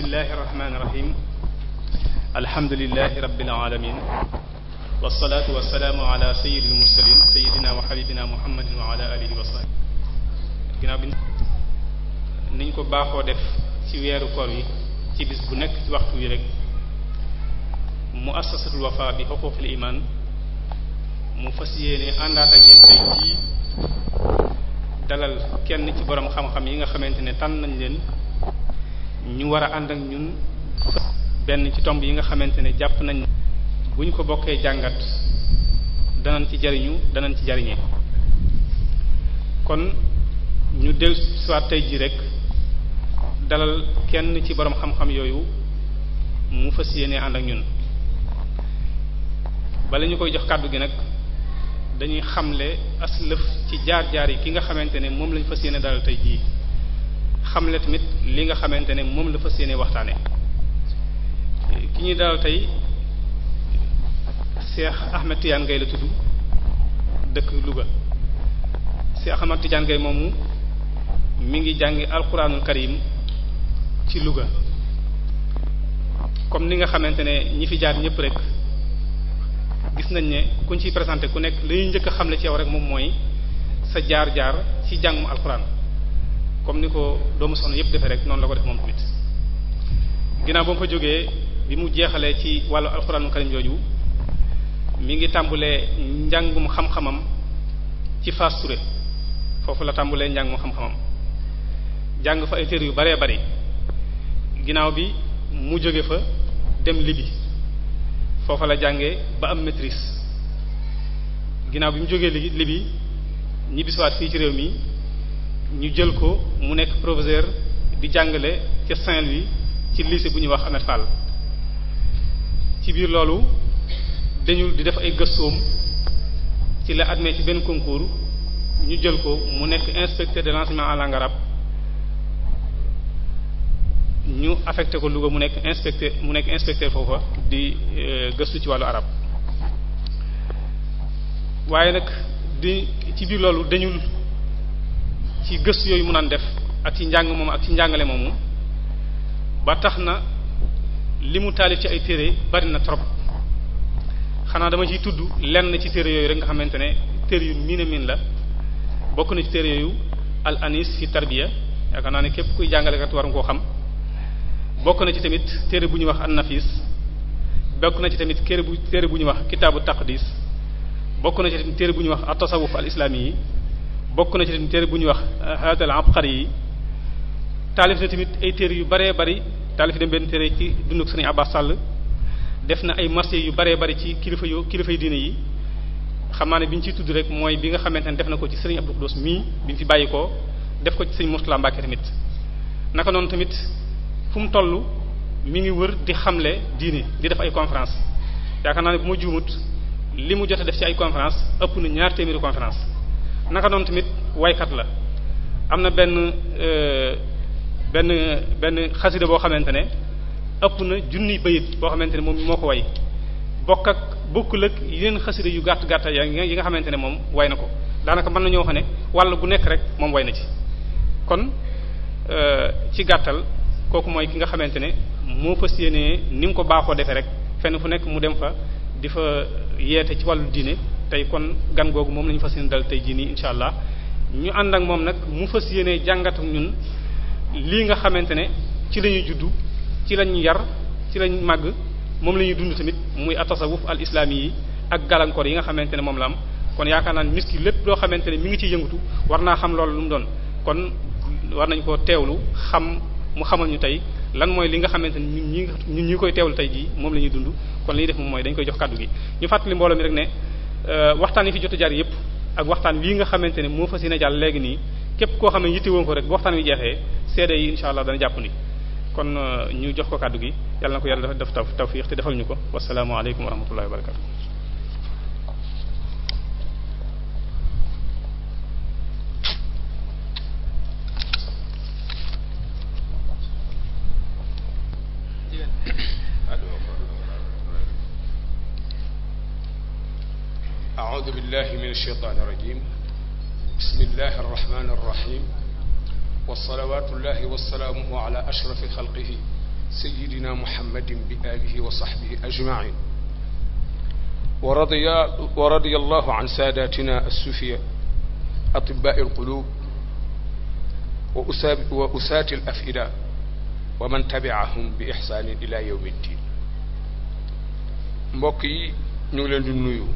bismillahi irrahmani irahim alhamdulilahi rabbil alamin wasalaatu wasalaamu ala sayyidil mursalin sayyidina wa habibina muhammadin wa ala alihi wa sahbi ginnaaw bi niñ ko baaxoo def ci weeru koor yi ci bis bu nekk ci waxtu wi rek muassasatul wafa bi xuquqil iman mu fas yéene àndaat ak yéen tey ci dalal kenn ci borom xam-xam yi nga xamante ne tànn nañ leen ñu war a ànd ak ñun benn ci tomb yi nga xamante ne jàpp nañ bu ñu ko bokkee jàngat danañ ci jariñu danañ ci jariñe kon ñu del soit tey ji rek dalal kenn ci boroom xam-xam yooyu mu fas yéene ànd ak ñun bala ñu koy jox kàddu gi nag dañuy xamle aslëf ci jaar-jaar yi ki nga xamante ne moom lañu fas yéene dalal tey jii xamle tamit li nga xamante ne moom la fa yéene waxtaane ki ñuy daal tey Cheikh Ahmed Tidiane Gaye la tudd dëkk Louga Cheikh Ahmed Tidiane Gaye moomu mu ngi jàngi alquranul karim ci Louga comme li nga xamante ne ñi fi jaar ñëpp rek gis nañ ne kuñ ci présente ku nekk li ñuy njëkk a xamle ci yow rek moom mooy sa jaar-jaar ci jàngum alquran comme ni ko doomu soxna yëpp defee rek noonu la ko def moom tamit ginnaaw ba mu fa jógee bi mu jeexalee ci wàllu alxuraanu karim jooju mi ngi tàmbulee njàngum xam-xamam ci Fass Touré foofu la tàmbulee njàngum xam-xamam jàng fa ay téere yu baree bari ginnaaw bi mu jóge fa dem libi foofa la jàngee ba am maîtrise ginnaaw bi mu jógee Libye ñibbisiwaat fii ci réew mi ñu jël ko mu nekk professeur di jàngale ca Saint-Louis ci lycée bu ñuy wax Ahmed Fall ci biir loolu dañul di def ay gëstoom ci la admis ci benn concours ñu jël ko mu nekk inspecteur de l'enseignement en langue ñu affecté ko Louga mu nekk inspecteur mu nekk inspecteur foofa di euh, gëstu ci wàllu arab waaye nag di ci biir loolu dañul ci gëstu yooyu mu naan def ak ci njàng moom ak ci njàngale moomu ba tax na li mu taalif ci ay téere bari na trop xanaa dama ciy tudd lenn ci téere yooyu rek nga xamante ne téere yu miin miin la bokk na ci téere yooyu al anis fi tarbiya yaakaar naa ne képp kuy jàngalekat war nga koo xam bokk na ci tamit téere bu ñuy wax an nafis bokk na ci tamit téere bu téere bu ñuy wax kitaabu taqdis bokk na ci téere bu ñuy wax at tasawuf al islaami yi bokk nañ ci tamit téere bu ñuy wax euh, haadal abqari yi taalif na tamit ay téere yu baree bari taalif dem benn téere ci dund ak sëriñ Sall def na ay marché yu baree bari ci kilifa yu kilifay diine yi xam naa ne bi ñu ciy tudd rek mooy bi nga xamante ne def na ko ci sëriñ Abdou Khoudoss mii bi ñu fi bàyyi ko def ko ci sëriñ Moustapha Mbacké tamit naka noonu tamit fu mu toll mi ngi wër di xamle diine di def ay conférence yaakaar naa ne bu ma juumut li mu jot a def ci ay conférence ëpp na ñaar téeméeri conférence naka noonu tamit waykat la am na benn euh, benn benn xasida boo xamante ne ëpp na junni bayit boo xamante ne moom moo ko way bokk ak bokkul ak yeneen xasida yu gàtt gàtt ya yi nga xamante ne moom way na ko daanaka mën nañoo wax ne wàll gu nekk rek moom way na ci kon euh, ci gàttal kooku mooy ki nga xamante ne moo fas yéenee ni mu ko baaxoo defee rek fenn fu nekk mu dem fa di fa yeete ci wàllu diine tey kon gan googu moom la ñu fas yéene dal tey jii nii incha allah ñu ànd ak moom nag mu fas yéene jàngat ñun lii nga xamante ne ci la ñuy juddu ci la ñu yar ci la màgg moom la ñuy dund tamit muy atasawuf al islaami yi ak gàllankoor yi nga xamante ne moom la am kon yaakaar naa ne miski lépp loo xamante ne mu ngi ciy yëngatu war naa xam lool lu mu doon kon war nañ ko teewlu xam mu xamal ñu tey lan mooy li nga xamante ne ñun ñi ñun ñi koy teewlu tey jii moom la ñuy dund kon li ñuy def moom mooy dañ koy jox kàddu gi ñu fàttali mbooloo mi rek ne Euh, waxtaan yi fi jot jar jaar yëpp ak waxtaan wii nga xamante ne moo fas yéene jàll léegi nii képp koo xam ne yittewoon ko rek bu waxtaan wi jeexee seede yi insha allah dana jàpp ni kon euh, ñu jox ko kàddu gi yàlla na ko yàlla def taw tawfiq te defal ñu ko wasalaamu aleykum wa rahmatullahi wa barakatu أعوذ بالله من الشيطان الرجيم بسم الله الرحمن الرحيم والصلوات الله والسلامه على أشرف خلقه سيدنا محمد بآله وصحبه أجمعين ورضي, ورضي الله عن ساداتنا السفياء أطباء القلوب وأساة الأفئدة ومن تبعهم بإحسان إلى يوم الدين mbokk yi ñu ngi leen di nuyu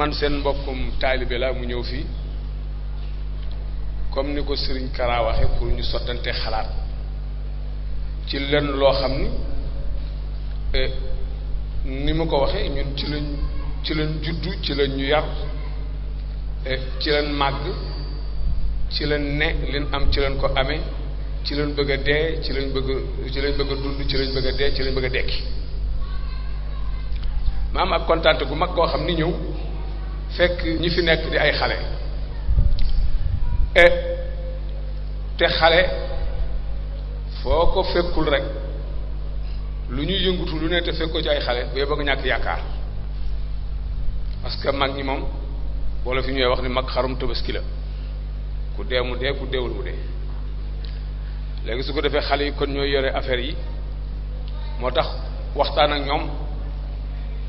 man seen mbokkum taalibe laa mu ñëw fii comme ni ko sëriñ Kara waxe pour ñu sottante xalaat ci lenn loo xam ni ni mu ko waxee ñun ci lañ ci lañ juddu ci lañ ñu yar ci lañ màgg ci leen ne leen am ci leen ko amee ci lañ bëgg a dee ci lañ bëgg a ci lañ bëgg a ci lañ bëgg a dee ci leen bëgg a dekki ma am ak kontaan gu mag koo xam ni ñëw. fekk ñi fi nekk di ay xale eh, te xale foo ko fekkul rek lu ñuy yëngutu lu ne te fekkoo ci ay xale bu yeboo nga ñàkk yaakaar parce que mag ñi moom wala fi ñuy wax ni mag xarum tabaski la ku dee mu dee ku deewul mu dee léegi su ko defee xale yi kon ñooy yore affaire yi moo tax waxtaan ak ñoom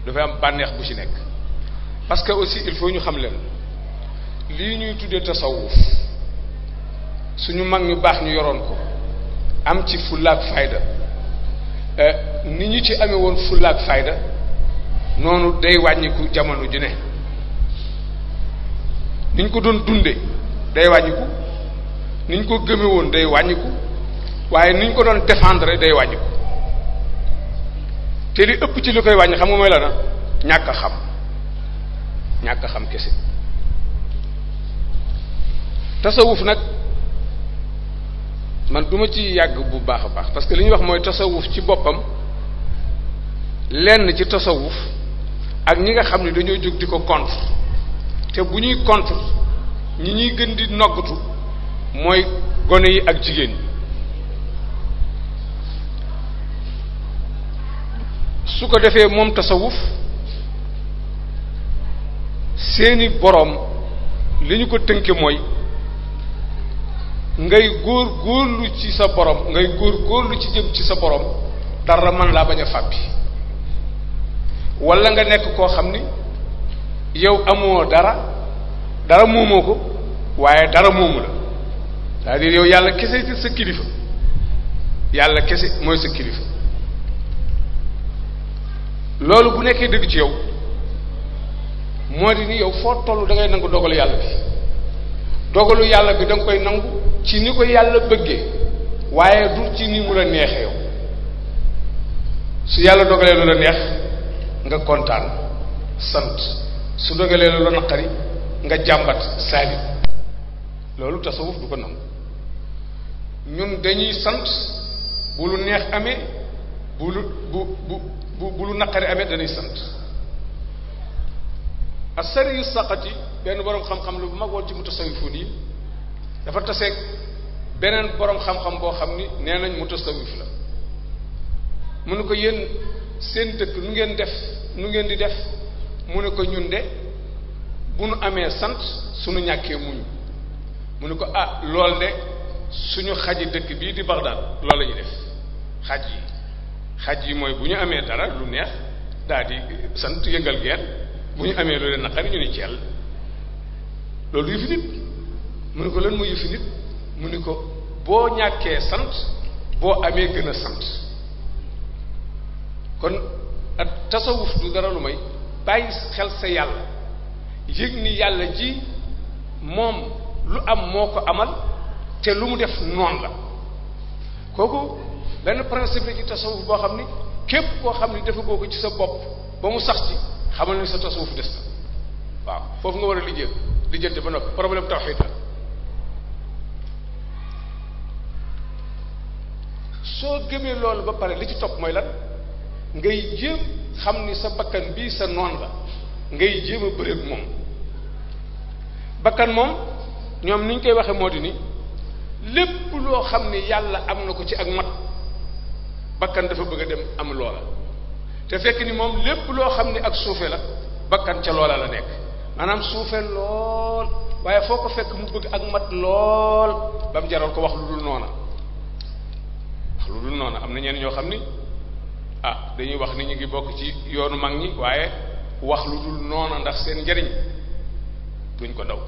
dafay am bànneex bu ci nekk parce que aussi il faut ñu xam leen lii ñuy tuddee tasawuf suñu mag ñu baax ñu yoroon ko am ci fulaak fayda eh, ni ñu ci amee woon fulaak fayda noonu day wàññiku jamono ju ne ni ko doon dunde day wàññiku niñ ko gëme woon day wàññiku waaye niñ ko doon défendre day wàññiku te li ëpp ci li koy wàññi xam nga mooy la na ñàkk a xam ñàkk xam kese tasawuf nag man du ma ci yàgg bu baax a baax parce que li ñuy wax mooy tasawuf ci boppam lenn ci tasawuf ak ñi nga xam ne dañoo jóg di ko contre te bu ñuy contre ñi ñuy gën di noggatu mooy gone yi ak jigéen ñi su ko defee moom tasawuf seeni boroom li ñu ko tënkee mooy ngay góor góorlu ci sa borom ngay góor góorlu ci jëm ci sa borom dara man laa bañ a fàppi wala nga nekk koo xam ni yow amoo dara dara moomoo ko waaye dara moomu la cest yow yàlla kese ci sa kilifa yàlla kese mooy sa kilifa loolu bu nekkee dëgg ci yow moo di ni yow foo toll da ngay nangu dogalu yàlla bi dogalu yàlla bi da koy nangu ci ni ko yàlla bëgge waaye du ci ni mu la neexee yow su yàlla dogalee lu la neex nga kontaan sant su dogalee lu la naqari nga jàmbat saalit loolu tasawuf du ko nangu ñun dañuy sant bu lu neex amee bu lu bu bu bu lu naqari amee danay sant asari yu saqati benn boroom xam-xam lu bu mag woon ci mutasawifun yi dafa taseeg beneen boroom xam-xam boo xam ni nee nañ mutasawif la mu ne ko yéen seen dëkk nu ngeen def nu ngeen di def mu ne ko ñun de bu nu amee sant suñu ñàkkee muñu mu ne ko ah lool de suñu xaji dëkk bii di Bagdad loolu la ñuy def xaj yi xaj yi mooy bu ñu amee dara lu neex daal di sant yëngal geen bu ñu amee lu leen naqari ñu ci yàlla loolu yëfi nit mu ne ko leen mooy yëfi nit mu ne ko boo ñàkkee sant boo amee gën a sant kon ak tasawuf du dara lu may bàyyi xel sa yàlla yëg ni yàlla ji moom lu am moo ko amal te lu mu def noonu la kooku benn principe ci tasawuf boo xam ni képp koo xam ni dafa goo ko ci sa bopp ba mu sax ci xamal ni sa tasawuf des na waaw foofu nga war a lijjë lijjante ba noppi problème tawxiid la soo gëmee loolu ba pare li ci topp mooy lan ngay jéem xam ni sa bakkan bii sa noon la ngay jéem a bëreeg moom bakkan moom ñoom ni ñu koy waxe moo di ni lépp loo xam ni yàlla am na ko ci ak mat bakkan dafa bëgg a dem am loola te fekk ni moom lépp loo xam ni ak suufe la bakkan ca loola la nekk maanaam suufe lool waaye foo ko fekk mu bëgg ak mat lool ba mu jaral ko wax lu dul noona wax lu dul noona am na ñenn ñoo xam ni ah dañuy wax ni ñu ngi bokk ci yoonu mag ñi waaye wax lu dul ndax seen njariñ duñ ko daw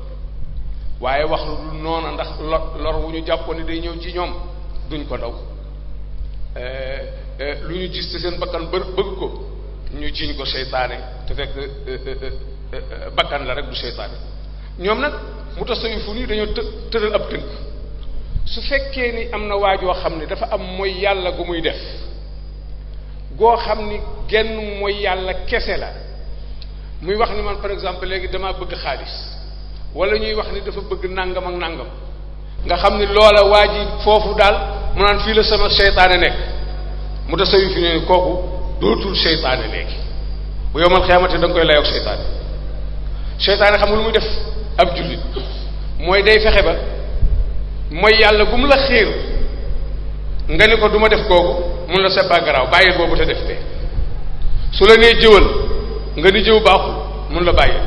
waaye wax lu dul noona ndax lor lor wu ñu jàppoon ni day ñëw ci ñoom duñ ko daw eh, Eh, lu ñu gis ci seen bakkan bë bëgg ko ñu jiiñ ko seytaane te fekk eh, eh, bakkan la rek du seytaane ñoom nag mu tasawufu nii dañoo të tëral ab tënk su fekkee ni am na waajoo xam ne dafa am mooy yàlla gu muy def goo xam ni genn mooy yàlla kese la muy wax ni man par exemple léegi damaa bëgg xaalis wala ñuy wax ni dafa bëgg nangam ak nangam nga xam ni loola waa ji foofu daal mu naan fii la sama seytaane nekk mu te sayu fi ne kooku dootul seytaane léegi bu yomal xeamate da nga koy layoog seytaane seytaane xam nga lu muy def ab jullit mooy day fexe ba mooy yàlla bu mu la xiir nga ni ko du ma def kooku mun la seppa garaaw bàyyil boobu te def bee su la nee jëwal nga ni jëw baaxul mun la bàyyil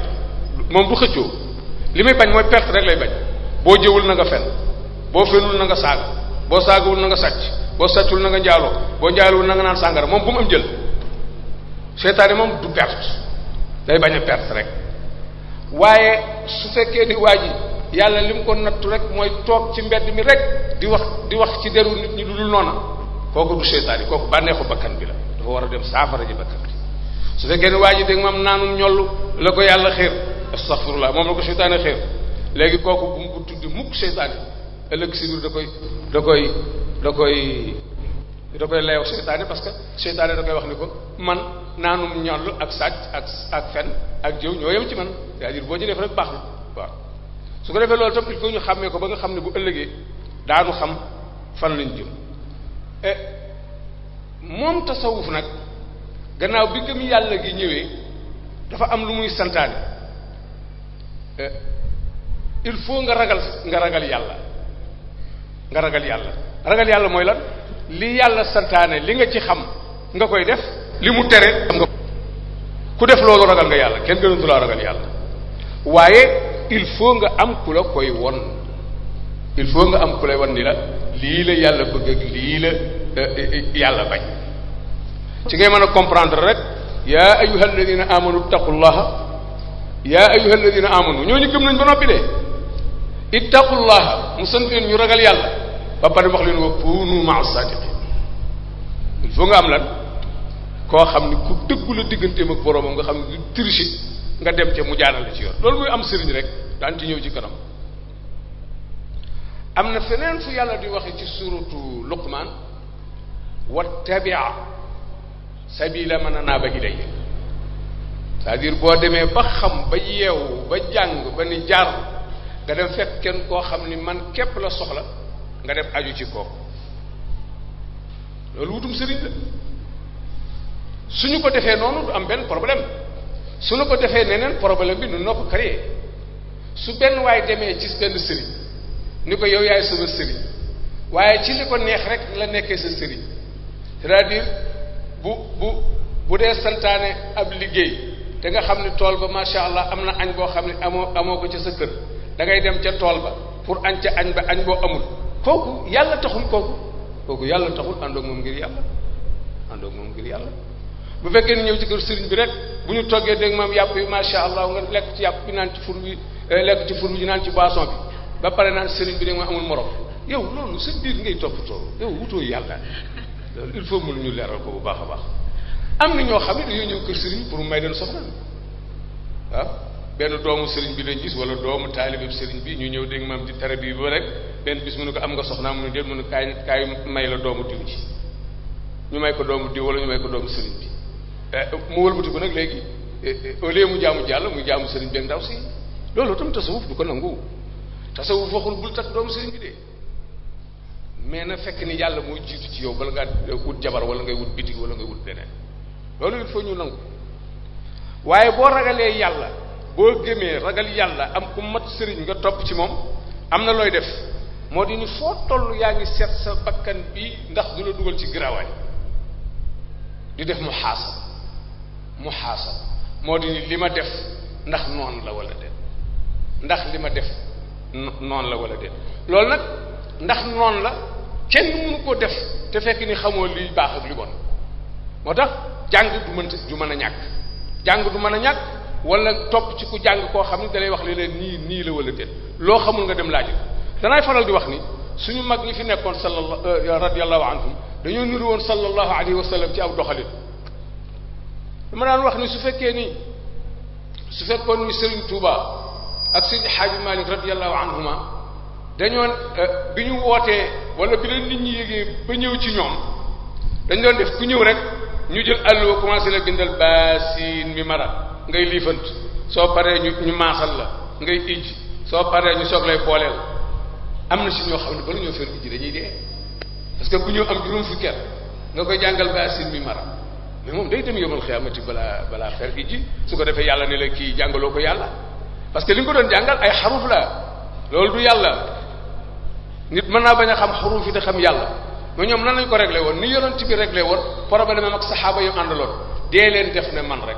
moom du xëccoo li may bañ mooy perte rek lay bañ boo jëwul na nga fen boo fenul na nga saaga boo saagawul na nga sàcc boo sàccul na nga njaaloo boo njaaloo na nga naan sàngara moom bu mu am jël seytaane moom du perte day bañ a perte rek waaye su fekkee ni waa ji yàlla li mu ko nattu rek mooy toog ci mbedd mi rek di wax di wax ci deru nit ñi lu dul noona kooku du seytaane kooku bànneexu bakkan bi la dafa war a dem saafara ji bakkan bi su fekkee ni waa ji dégg moom naanum ñollu la ko yàlla xéer astaghfirullah moom la ko seytaane xéer léegi kooku bu mu ko tuddi mukk seytaane ëllëg si biir da koy da koy layoo seytaane parce que seytaane da koy wax ni ko man naanum ñollu ak sàcc ak ak fen ak jiw ñoo yem ci man c'est-à-dire boo ci def rek baax na waaw su ko defee loolu tam il faut ñu xàmmee ko ba nga xam ne bu ëllëgee daanu xam fan lañ jëm e moom tasawuf nag gannaaw bi gëm yàlla gi ñëwee dafa am lu muy santaane e, il faut nga ragal nga ragal yàlla nga ragal yàlla ragal yàlla mooy lan li yàlla santaane li nga ci xam nga koy def li mu tere xam nga ku def loolu ragal nga yàlla kenn gënatu laa ragal yàlla waaye il faut nga am ku la koy won il faut nga am ku lay won ni la lii la yàlla bëgg ak lii la eh, eh, yàlla bañ ci ngay mën a comprendre rek yaa ayuha alladina amanu ittaqullaha yaa ayuha alladina amanu ñooñu gëm nañ ba noppi de ittaqullaha mu sant leen ragal yàlla ba pare wax leen ko kunu maa sadiqin il faut nga am lan koo xam ni ku dëggu la digganteem ak boroomam nga xam ni du nga dem ca mu jaarale ci yoon loolu muy am sëriñ rek daan ci ñëw ci kanam am na feneen fu yàlla di waxe ci suratu luqman wattabia sabila man anaaba ilayya c'est-à-dire boo demee ba xam ba yeewu ba jàng ba ni jaar nga dem fekk kenn koo xam ni man képp la soxla nga def aju ci kooku loolu wutum sëriñ la suñu ko defee noonu du am benn problème suñu ko defee neneen problème bi nun noo ko créé su benn waay demee gis benn sëriñ ni ko yow yaay sama sëriñ waaye ci li ko neex rek la nekkee sa sëriñ cest à bu bu bu dee santaane ab liggéey te nga xam ne tool ba macha allah am na añ boo xam ne amoo amoo ko ca sa kër da ngay dem ca tool ba pour añ ca añ ba añ boo amul kooku yàlla taxul kooku kooku yàlla taxul àndoog moom ngir yàlla àndoog moom ngir yàlla bu fekkee ni ñëw ci kër sëriñ bi rek bu ñu toggee dégg ma yàpp yi macha allah nga lekk ci yàpp bi naan ci fur bi eh, lekk ci fur bi naan ci boisson bi ba pare naan sëriñ bi dégg ma amul morom yow loolu si biir ngay toppatoo yow wutoo yàlla loolu il faut mënu ñu leeral ko bu baax a baax am na ñoo xam ne dañoo ñëw kër sëriñ pour mu may den soxna waaw ah? benn doomu sëriñ bi lañ gis wala doomu taalibe sëriñ bi ñu ñëw dégg maam di tare bi ba rek benn bis mu ne ko am nga soxnaa mu ne déet mu ne kaay kaay may la doomu diw ji ñu may ko doomu diw wala ñu may ko doomu sëriñ bi eh, mu wëlbatiku nag léegi eh, eh, mu jaamu jàll mu jaamu sëriñ bi ak ndaw si loolu tam tasawuf du ko nangu tasawuf waxul bul takk doomu sëriñ bi de mais na fekk ni yàlla mooy jiitu ci yow bala ngaa wut jabar wala ngay wut bitig wala ngay wut beneen loolu il faut ñu nangu waaye boo ragalee yàlla boo gëmee ragal yàlla am ku mat sëriñ nga topp ci moom am na looy def moo di ni foo toll yaa ngi seet sa bakkan bi ndax du la dugal ci garawaay di def mu xaasal mu xaasal moo di ni li ma def ndax noonu la wala déet ndax li ma def noonu la wala déet loolu nag ndax noonu la kenn mënu ko def te fekk ni xamoo li baax ak li bon moo tax jàng du mën du mën a ñàkk jàng du mën a ñàkk wala topp ci ku jàng koo xam ne dalay wax li leen nii nii la wala déet loo xamul nga dem laaj danaay faral di wax ni suñu mag ñi fi nekkoon sallallahu euh, radiyallahu anhum dañoo nuru woon sallallahu alayhi wa sallam ci aw doxalin dama daan wax ni su fekkee ni su fekkoon ni Serigne Touba ak Seydi Hadji Malick radiyallahu anhuma dañoo euh, bi ñu wootee wala bi leen nit ñi yégee ba ñëw ci ñoom dañ doon def ku ñëw rek ñu jël àlluwa commencé la bindal baasin mi mara ngay liifant soo paree ñu ñu maasal la ngay ijj soo paree ñu soog lay booleel am na si ñoo xam ne bala ñoo fer ijj dañuy dee parce que bu ñu am juróom fukki at nga koy jàngal ba sin mi mara mais moom day dem yomal xiyaamati balaa balaa fer ijj su ko defee yàlla ne la kii jàngaloo ko yàlla parce que li nga ko doon jàngal ay xaruf la loolu du yàlla nit mën naa bañ a xam xaruf yi te xam yàlla mais ñoom nan lañ ko réglé woon ni yonent bi réglé woon problème am ak saxaaba yu àndaloon dee leen def man rek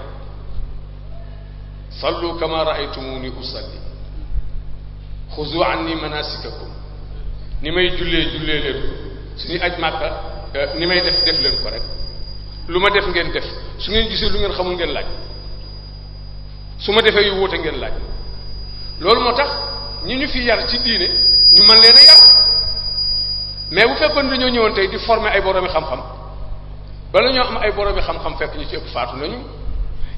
sallu kama u usalli xuzu anni manasikakum ni may jullee jullee leen ko suñuy aj màkka euh, ni may def def leen ko rek lu ma def ngeen def su ngeen gisee lu ngeen xamul ngeen laaj su ma defee yu wuute ngeen laaj loolu moo tax ñu ñu fi yar ci diine ñu mën leen a yar mais bu fekkoon dañoo ñëwoon tey di former ay boroomi xam-xam bala ñoo am ay boroomi xam-xam fekk ñu ci ëpp faatu nañu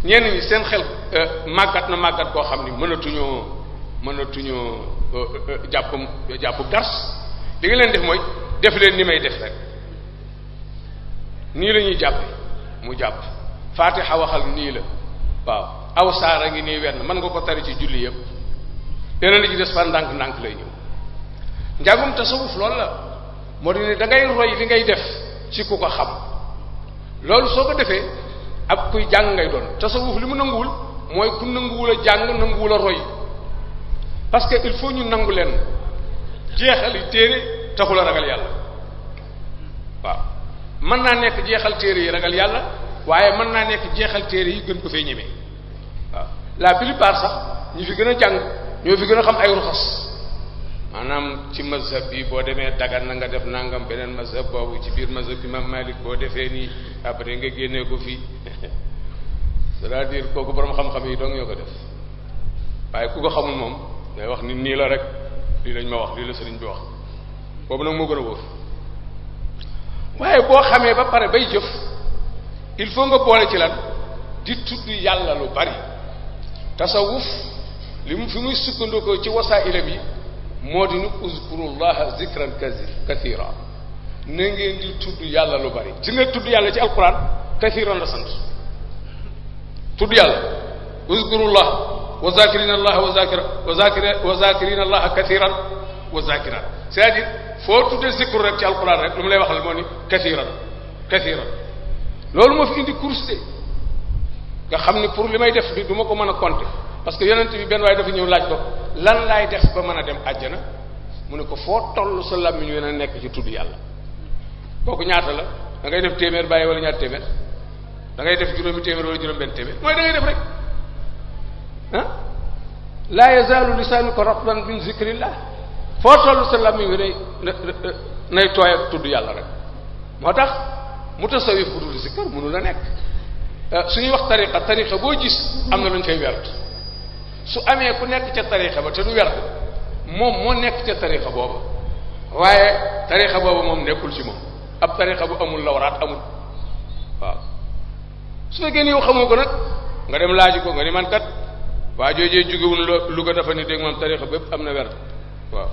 ñenn ñi seen xel euh, màggat na màggat koo xam ni mënatuñoo mënatuñoo euh, euh, jàpp jàpp dars li nga leen def mooy def leen ni may def rek nii la jàpp mu jàpp faatixa waxal nii la waaw aw saar ngi nii wenn mën nga ko tari ci julli yëpp leneen li ci des par ndànk ndànk lay ñëw njàngum tasawuf loolu la moo di ne da ngay roy li ngay def ci ku ko xam loolu soo ko defee ab kuy jàng ngay doon tasawuf li mu nanguwul mooy ku nanguwul a jàng nanguwul roy parce que il faut ñu nangu leen jeexal yi téere taxul ragal yàlla waaw mën naa nekk jeexal téere yi ragal yàlla waaye mën naa nekk jeexal téere yi gën ko fee ñemee waaw la plupart sax ñi fi gën a jàng ñoo fi gën a xam ay ruxas maanaam ci mazhab bi boo demee dagan na nga def nangam beneen mazhab boobu ci biir mazhab bi imam Malik boo defee nii après nga génnee ko fii c'est-à-dire kooku borom xam-xam yi doo ñoo ko def waaye ku ko xamul moom day wax ni nii la rek lii lañ ma wax lii la sëriñ bi wax boobu nag moo gën a wóor waaye boo xamee ba pare bay jëf il faut nga boole ci lan di tudd yàlla lu bari tasawuf li mu fi muy sukkandikoo ci wasaa ilam yi moo di ni uzkurullaha zikran kathira na ngeen di tudd yàlla lu bari ci nga tudd yàlla ci alquran kathiran la sant tudd yàlla uzkurullah wa zakirina allah wa zakira wa zakira wa zakirina allah kathiran wa zakirat c'est-à-dire foo tuddee zikru rek ci alquran rek lu mu lay waxal moo ni kathiran kathiran loolu moo fi indi course de xam ni pour li may def bi du ma ko mën a compter parce que yonent bi benn waaye dafa ñëw laaj ko lan laay def ba mën a dem ajjana mu ne ko foo tollu sa làmmiñ wi na nekk ci tudd yàlla kooku ñaata la da ngay def téeméer bàyyi wala ñaar téeméer da def juróomi téeméer wala juróom benn téeméer mooy da ngay def rek ah laa yazaalu lisaanu ko ratban min zikrillah foo toll sa làmmiñ wi nay nay tooy ak tudd yàlla rek moo tax mu tasawif bu dul zikkar mënu la nekk ah, suñuy wax tariqa tariqa boo gis am na lu ñu fay wert su amee ku nekk ca tarixa ba te du wer moom moo nekk ca tarixa booba waaye tarixa booba moom nekkul ci moom ab tarixa bu amul lawraat amul waaw su fekkee ni yow xamoo ko nag nga dem laaj ko nga ni man kat waa joojee jógewul Louga dafa ne dégg moom tarixa bépp am na wer waaw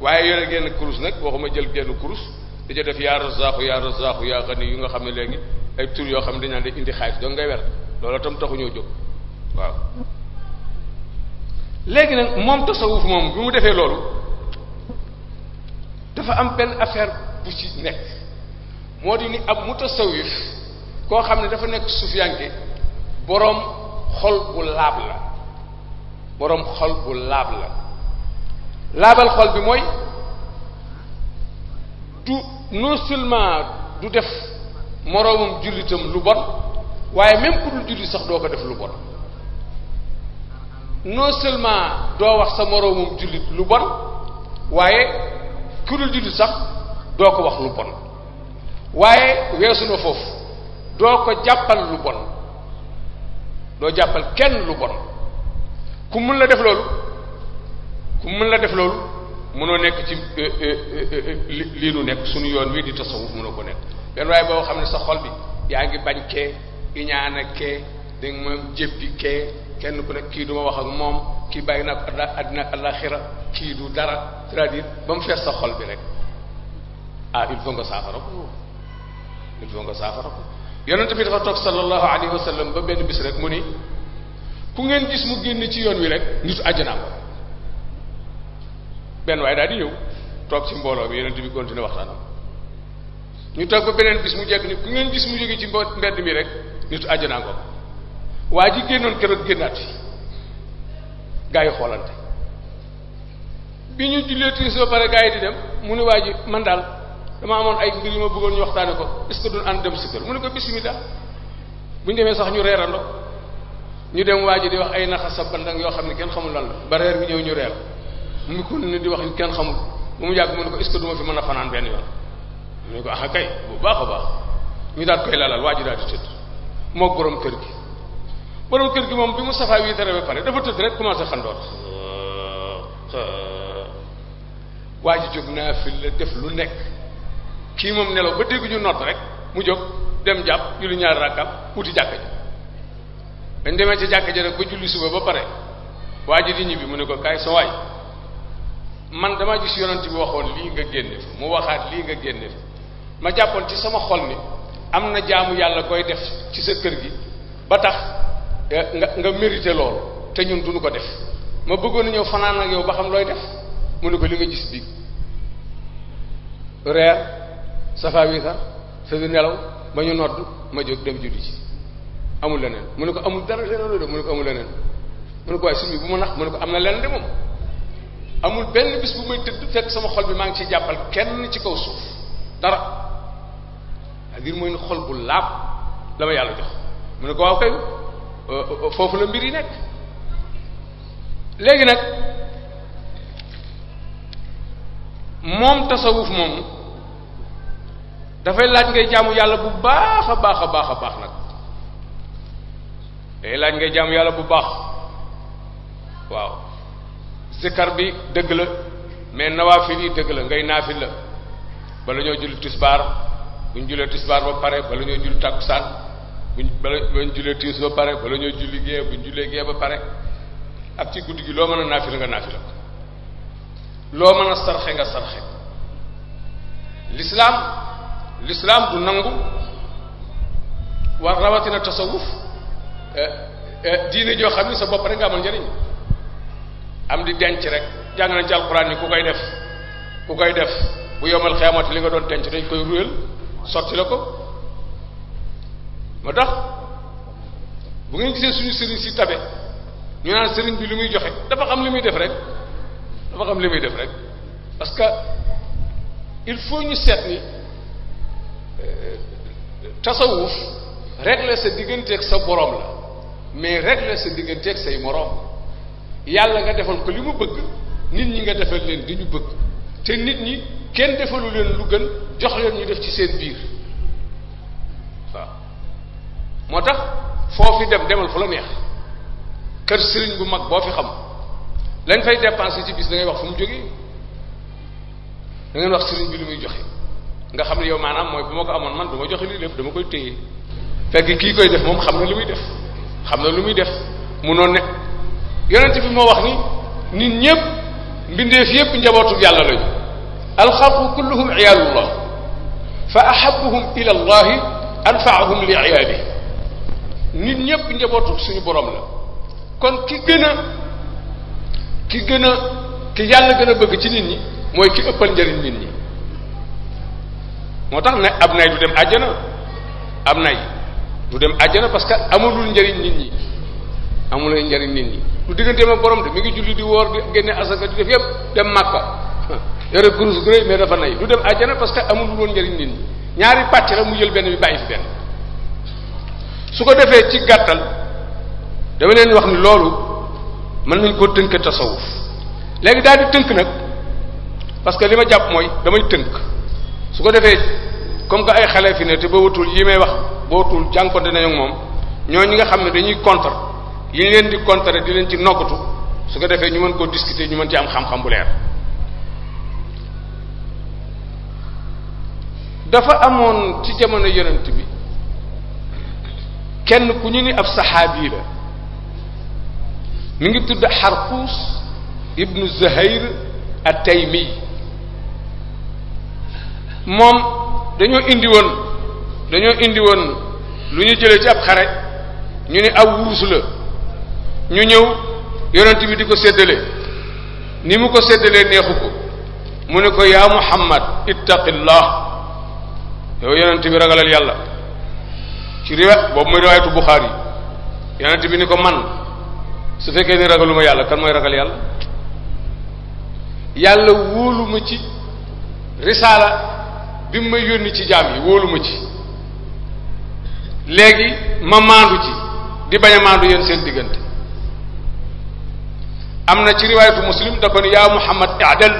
waaye yore genn kurus nag waxuma jël genn kurus da ca def yaa razaaxu yaa razaaxu yaa xani yu nga xam ne léegi ay tur yoo xam ne dañaan de indi xaalis donc ngay wer loolu tam taxu ñoo jóg waaw léegi nag moom tasawuf moom bi mu defee loolu dafa am benn affaire bu ci nekk moo di ni ab mutasawif koo xam ne dafa nekk sufiyanke boroom xol bu laab la boroom xol bu laab la laabal xol bi mooy du non seulement du def moroomam jullitam lu bon waaye même ku dul jullit sax doo ko def lu bon non seulement doo wax sa moroomum jullit lu bon waaye ku dul jullit sax doo ko wax lu bon waaye weesu na foofu doo ko jàppal lu bon doo jàppal kenn lu bon ku mun la def loolu ku mun la def loolu mënoo nekk ci eh, eh, eh, lii nu nekk suñu yoon wi di tasawuf mënoo ko nekk benn waaye boo xam ne sa xol bi yaa ngi bañ kee iñaana kee danga moom jéppi kee kenn ku nekk kii du ma wax ak moom kii bàyyi naa ko àddina ak àllaxira kii du dara cest à ba mu fees sa xol bi rek ah il faut nga saafara ko il nga saafara ko yonente bi dafa toog sallallahu alayhi ba benn bis rek mu ni ku ngeen gis mu génn ci yoon wi rek nitu àjjanaa benn waaye daal di ñëw toog ci mbooloo bi yonente bi continué waxtaanam ñu toog ba beneen bis mu jekk ni ku ngeen gis mu jógee ci mbedd mi rek nitu àjjanaa ko waa ji génnoon keroog génnaat fi gaa yi xoolante bi ñu jullee timis ba pare gaa yi di dem mu ne waa ji man daal dama amoon ay mbir yu ma bëggoon ñu waxtaane ko est-ce que ànd dem si kër mu ne ko bismillah bu ñu demee sax ñu reerando ñu dem waa ji di wax ay naxa sa bandang yoo xam ne kenn xamul lan la ba reer bi ñëw ñu reer mu ko ni di wax ñu kenn xamul bu mu yàgg mu ne ko est-ce fi mën a fanaan benn yoon mu ne ko ah kay bu baax a baax ñu daal waa ji daal di moo borom kër borom kër gi moom bi mu safaa wiitare ba pare dafa tëdd rek commencé xandoor waa ji jóg naa fi la def lu nekk kii moom nelaw ba dégg ñu nodd rek mu jóg dem jàpp julli ñaari rakkam wuti jàkka ji dañ demee ci jàkka ji rek ba julli suba ba pare waa ji bi ñibbi mu ne ko kaay sa man dama gis yonent bi waxoon lii nga génne fa mu waxaat lii nga génne fa ma jàppoon ci sama xol ni am na jaamu yàlla koy def ci sa kër gi ba tax nga nga mérité lool te ñun duñu ko def ma bëggoon a ñëw fanaan ak yow ba xam looy def mu ne ko li nga gis bi reer safa wi sax sa nelaw ba ñu nodd ma jot dem juddu ci amul leneen mu ne ko amul dara leneen loolu de mu ne ko leneen mu ne ko waaye suñu bu ma nax mu ne ko am na leneen de moom amul benn bis bu may tëdd fekk sama xol bi maa ngi ciy jàppal kenn ci kaw suuf dara cest à mooy ne xol bu laab la ma yàlla jox mu ne ko waaw kay Euh, euh, foofu la mbir yi nekk léegi nag moom tasawuf moomu dafay laaj ngay jaamu yàlla bu baax a baax a baax a baax nag day laaj ngay jaamu yàlla bu baax waaw sikar bi dëgg la mais nawaafil yi dëgg la ngay naafil la bala ñoo julli tisbaar bu ñu jullee tisbaar ba pare bala ñoo julli takkusaan buñ bala buñ jullee tiis ba pare bala ñoo julli gee buñ jullee gee ba pare ak ci guddi gi loo mën a naafila nga naafila ko loo mën a sarxe nga sarxe l'islam lislaam bu nangu war rawatina tasawuf eh, eh, diine joo xam ni sa bopp rek nga amal njëriñ am di denc rek jàng nañ ci alxuraan ni ku koy def ku koy def bu yomal xeamati li nga doon denc dañ koy ruyal sotti la ko moo tax bu ngeen gisee suñu sëriñ si tabe ñu naan sëriñ bi lu muy joxe dafa xam li muy def rek dafa xam li muy def rek parce que il faut ñu seet ni euh, tasawuf régler sa digganteeg sa borom la mais régler sa digganteeg say moroom yàlla nga defal ko li mu bëgg nit ñi nga defal leen li ñu bëgg te nit ñi kenn defalu leen lu gën jox leen ñu def ci seen biir moo tax foofu fi dem demal fu la neex kër sëriñ bu mag boo fi xam lañ fay dépensé ci bis da wax fu mu jóge da ngeen wax sëriñ bi lu muy joxe nga xam ne yow maanaam mooy bu ma ko amoon man du ma joxe lii lépp dama koy téye fekk kii koy def moom xam na lu muy def xam na lu muy def munoon ne yonent bi moo wax ni nit ñëpp mbindeef yëpp njabootu yàlla lañu alxalqu kulluhum iyaalullah fa ahabuhum ila allahi anfaahum li iyaalihi nit ñëpp njabootu suñu borom la kon ki gën a ki gën a ki yàlla gën a bëgg ci nit ñi mooy ki ëppal njëriñ nit ñi moo tax ne ab nay du dem àjjana ab nay du dem àjjana parce que amulul njëriñ nit ñi amulay njëriñ nit ñi lu digganteem ak borom de mi ngi di woor di génne asaka di def yépp dem màkka yore gurus gu rëy mais dafa nay du dem àjjana que amulul woon njëriñ nit ñi ñaari pàcc la mu jël benn bi bàyyi fi benn su ko defee ci gàttal dama leen wax ni loolu mën nañ koo tënk tasawuf léegi daal di tënk nag parce que li ma jàpp mooy damay tënk su ko defee comme que ay xale fi ne te boobatul yi may wax boobatul jànkonte nañu moom ñoo ñi nga xam ne dañuy contre yi ñu leen di contrer di leen ci noggatu su ko defee ñu mën koo discuter ñu mën ci am xam-xam bu leer dafa amoon ci jamono yonent bi kenn ku ñu ni ab saxaabi la mu ngi tudd xarkuus ibnu zuhayr at-taymi moom dañoo indi woon dañoo indi woon lu ñu jëlee ci ab xare ñu ni aw wurus la ñu ñëw yonent bi di ko séddale ni mu ko séddalee neexu ko mu ne ko yaa muhammad ittaqillah yow yonent bi ragalal yàlla ci riwet boobu mooy riwaayatu Buxaari yonent bi ni ko man su fekkee ni ragaluma yàlla kan mooy ragal yàlla yàlla wóoluma ci risaala bi mu may yónni ci jaam yi wóoluma ci léegi ma maandu ci di bañ maandu yéen seen diggante am na ci riwaayatu muslim da ko ni yaa muhammad i'dal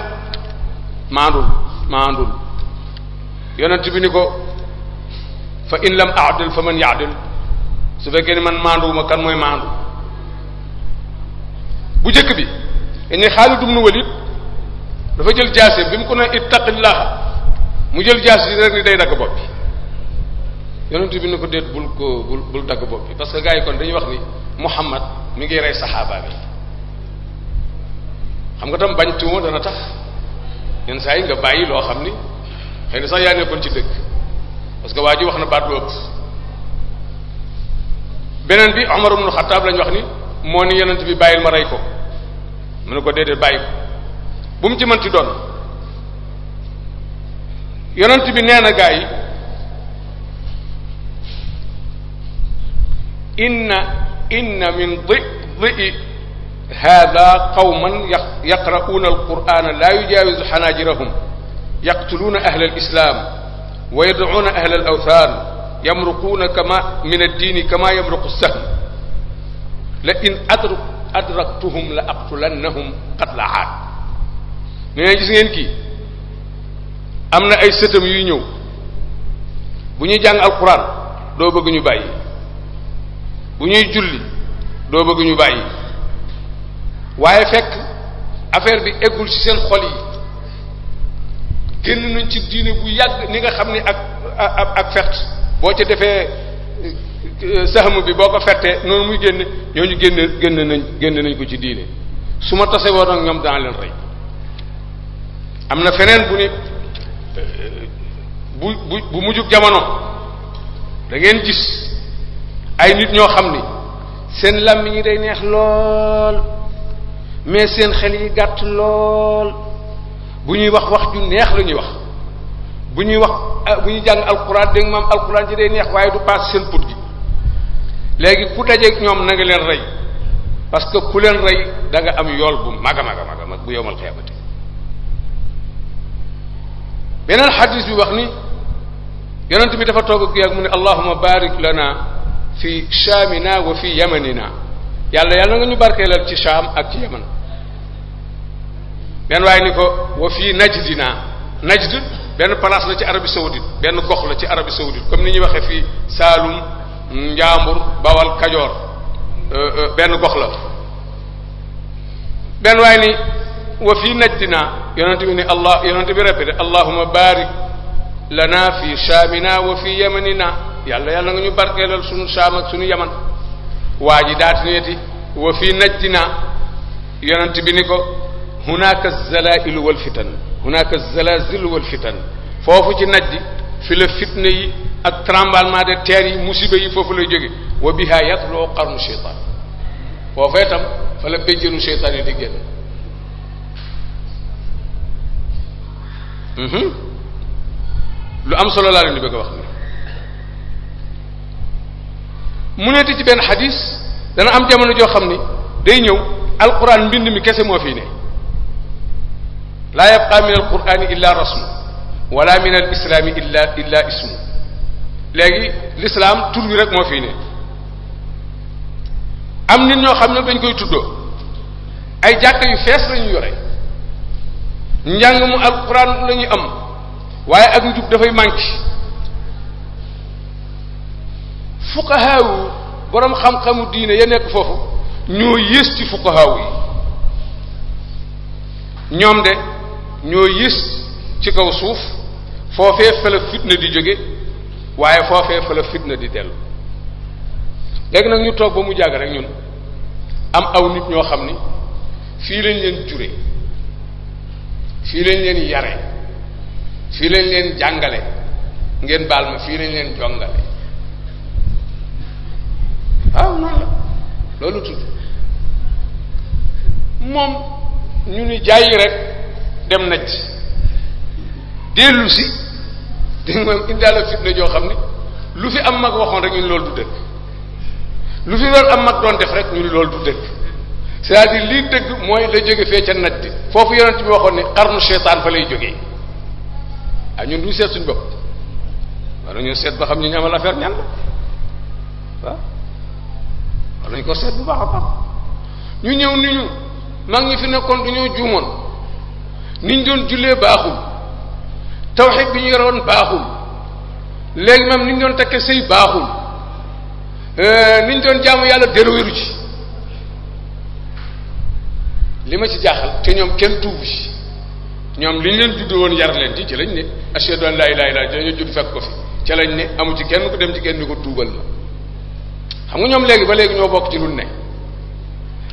maandul maandul yonent bi ni ko fa in lam aadil fa man yaadil su fekkee ni man ma kan mooy maandu bu jëkk bi dañ ne Xaalid ibn Walid dafa jël jaase bi mu ko ne ittaqillaha mu jël jaase yi rek ni day dagg bopp bi yonent bi ko déet bul ko bul bul dagg bopp bi parce que gars kon dañuy wax ni Muhammad mi ngi rey saxaaba bi xam nga tam bañ tuuma dana tax yenn saa yi nga bàyyi loo xam ni xëy sax yaa nekkoon ci dëkk parce que waa ji wax na baat bu ëpp beneen bi Omar ibn Xattaab lañ wax ni moo ni yonent bi bàyyil ma rey ko mu ne ko déedéet bàyyi ko bu mu ci mën ci doon yonent bi nee na gaa yi inna inna min di di hada qawman yaqra'uuna alqur'ana la yujaawizu xanaajirahum yaqtuluuna ahla alislam wa yad'uuna ahla al awthaan yamruquuna kama min addiini kama yamruqu sahm la in adrak adraktuhum la aqtulannahum qatla aad nee na ngeen kii am na ay sëtam yuy ñëw bu ñuy jàng alquran doo bëgg ñu bàyyi bu ñuy julli doo bëgg ñu bàyyi waaye fekk affaire bi eggul ci seen xol yi génn nañ ci diine bu yàgg ni nga xam ni ak ak ak fert boo ca defee euh, saxamu bi boo ko fertee noonu muy génne ñooñu génn génn nañ génn nañ ko ci diine su ma tase woon ak ñoom dana leen rey am na feneen bu ni bu bu bu mujjug jamono dangeen ngeen gis ay nit ñoo xam ni seen làmmiñ yi day neex lool mais seen xel yi gàtt lool bu ñuy wax wax ju neex la ñuy wax bu ñuy wax ah, bu ñuy jàng alquran dégg nga maam alquran ji day neex waaye du paas seen gi léegi ku dajeeg ñoom na leen rey parce que ku leen rey da nga am yool bu mag a mag a mag a mag bu yowmal xiyaamati beneen xadis bi wax ni yonent bi dafa toog ak yàgg mu ne allahuma barik lana fi shaamina wa fi yamanina yàlla yàlla na nga ñu barkeelal ci shaam ak ci yaman benn waay ni ko wa fii najdina najd benn place la ci Arabie saoudite benn gox la ci Arabie saoudite comme ni ñu waxee fii Saalum Njaambur Bawal Kajoor euh, euh, benn gox la benn waay ni wa fii najdina yonente bi ni allah yonente bi répété allahuma barik lana fi shaamina wa fi yamanina yàlla yàlla nga ñu barkeelal suñu shaam suñu yaman waa ji daati neeti wa fii najdina yonente bi ni ko hunaka zalail wal fitan hunaka zalazil wal fitan foofu ci najdi fi la fitna yi ak tremblement de terre yi musiba yi foofu lay jóge wa biha yatloo qarnu sheytaan lu am solo laa leen di bëgg ni mu neeti ci benn xadis dana am jamono joo xam ni day ñëw alquran mbind mi kese moo fii laa yabqa min alqurani illa rasmu wala min al islaami illa illa ismu léegi lislaam tur bi rek moo fii ne am nit ñoo xam ne dañ koy tuddoo ay jàkk yu fees lañu yore njàng mu alquran la ñuy am waaye ak njub dafay manqué fuqahaawu boroom xam-xamu diine ya nekk foofu ñoo yées ci fuqahaawu yi ñoom de ñoo yës ci kaw suuf foofee fa la fitna di jóge waaye foofee fa la fitna di dellu léegi nag ñu toog ba mu jàgg rek ñun am aw nit ñoo xam ni fii lañ leen jure fii lañ leen yare fii lañ leen jàngale ngeen baal ma fii lañ leen jongale waaw noonu la loolu tudd moom ñu ni jàyyi rek dem na ci dellu si di fitna joo xam ne lu fi am mag waxoon rek ñu loolu du dëgg lu fi loolu am mag doon def rek ñu loolu du dëgg c'est-à-dire lii dëgg mooy la jóge fee ca nat di foofu yonent bi waxoon ne xarnu lay jógee ah ñun duñu seet seet ba xam ñu ñu amal affaire ñan la ko seet bu baax a ñëw ni ñu mag ñi fi nekkoon du ñëw juumoon niñ doon jullee baaxul tawxid bi ñu yoroon baaxul léegi même niñ doon takke sëy baaxul euh, niñ doon jaamu yàlla delluweeru ci li ma ci jaaxal te ñoom kenn tuubu ci ñoom li ñu leen judd woon yar leen ci lañ ne ashhadu an laa ilaaha illallaah ko fi ca lañ ni amu ci kenn ku dem ci kenn ni ko tuubal ma xam nga ñoom léegi ba léegi ñoo bokk ci lu ne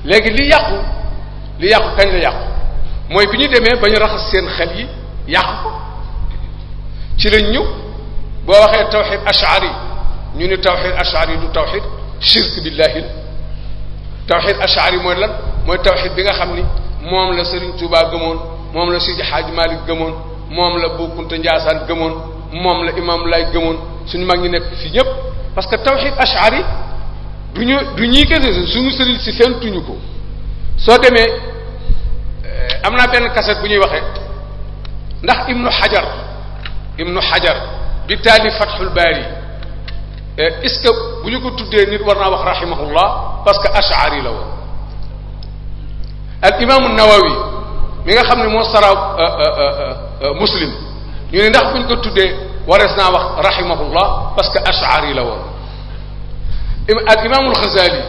léegi li yàqu li yàqu kañ la yàqu mooy bi ñu demee ba ñu raxas seen xel yi yàq ko ci lañ ñu boo waxee tawxid ashari ñu ni tawxid ashari du tawxid shirk billahi la tawxid ashari mooy lan mooy tawxid bi nga xam ni moom la Serigne Touba gëmoon moom la Sidi Hadj Malick gëmoon moom la Boukounta Ndiassane gëmoon moom la imam lay gëmoon suñu mag ñi nekk fii ñëpp parce que tawxid ashari du ñu du ñuy kese suñu sëriñ si fentuñu ko soo demee am naa benn kaset bu ñuy waxee ndax ibnu xajar ibnu xajar bi taali fatxul baari eh, est-ce que bu ñu ko tuddee nit war naa wax rahimahullah parce que ash'ari la woon al imaamu nawawi mi nga xam ne moo sara eh, eh, muslim ñu ne ndax bu ñu ko tuddee warees naa wax rahimahullah parce que ash'ari la woon al imaamul xazaali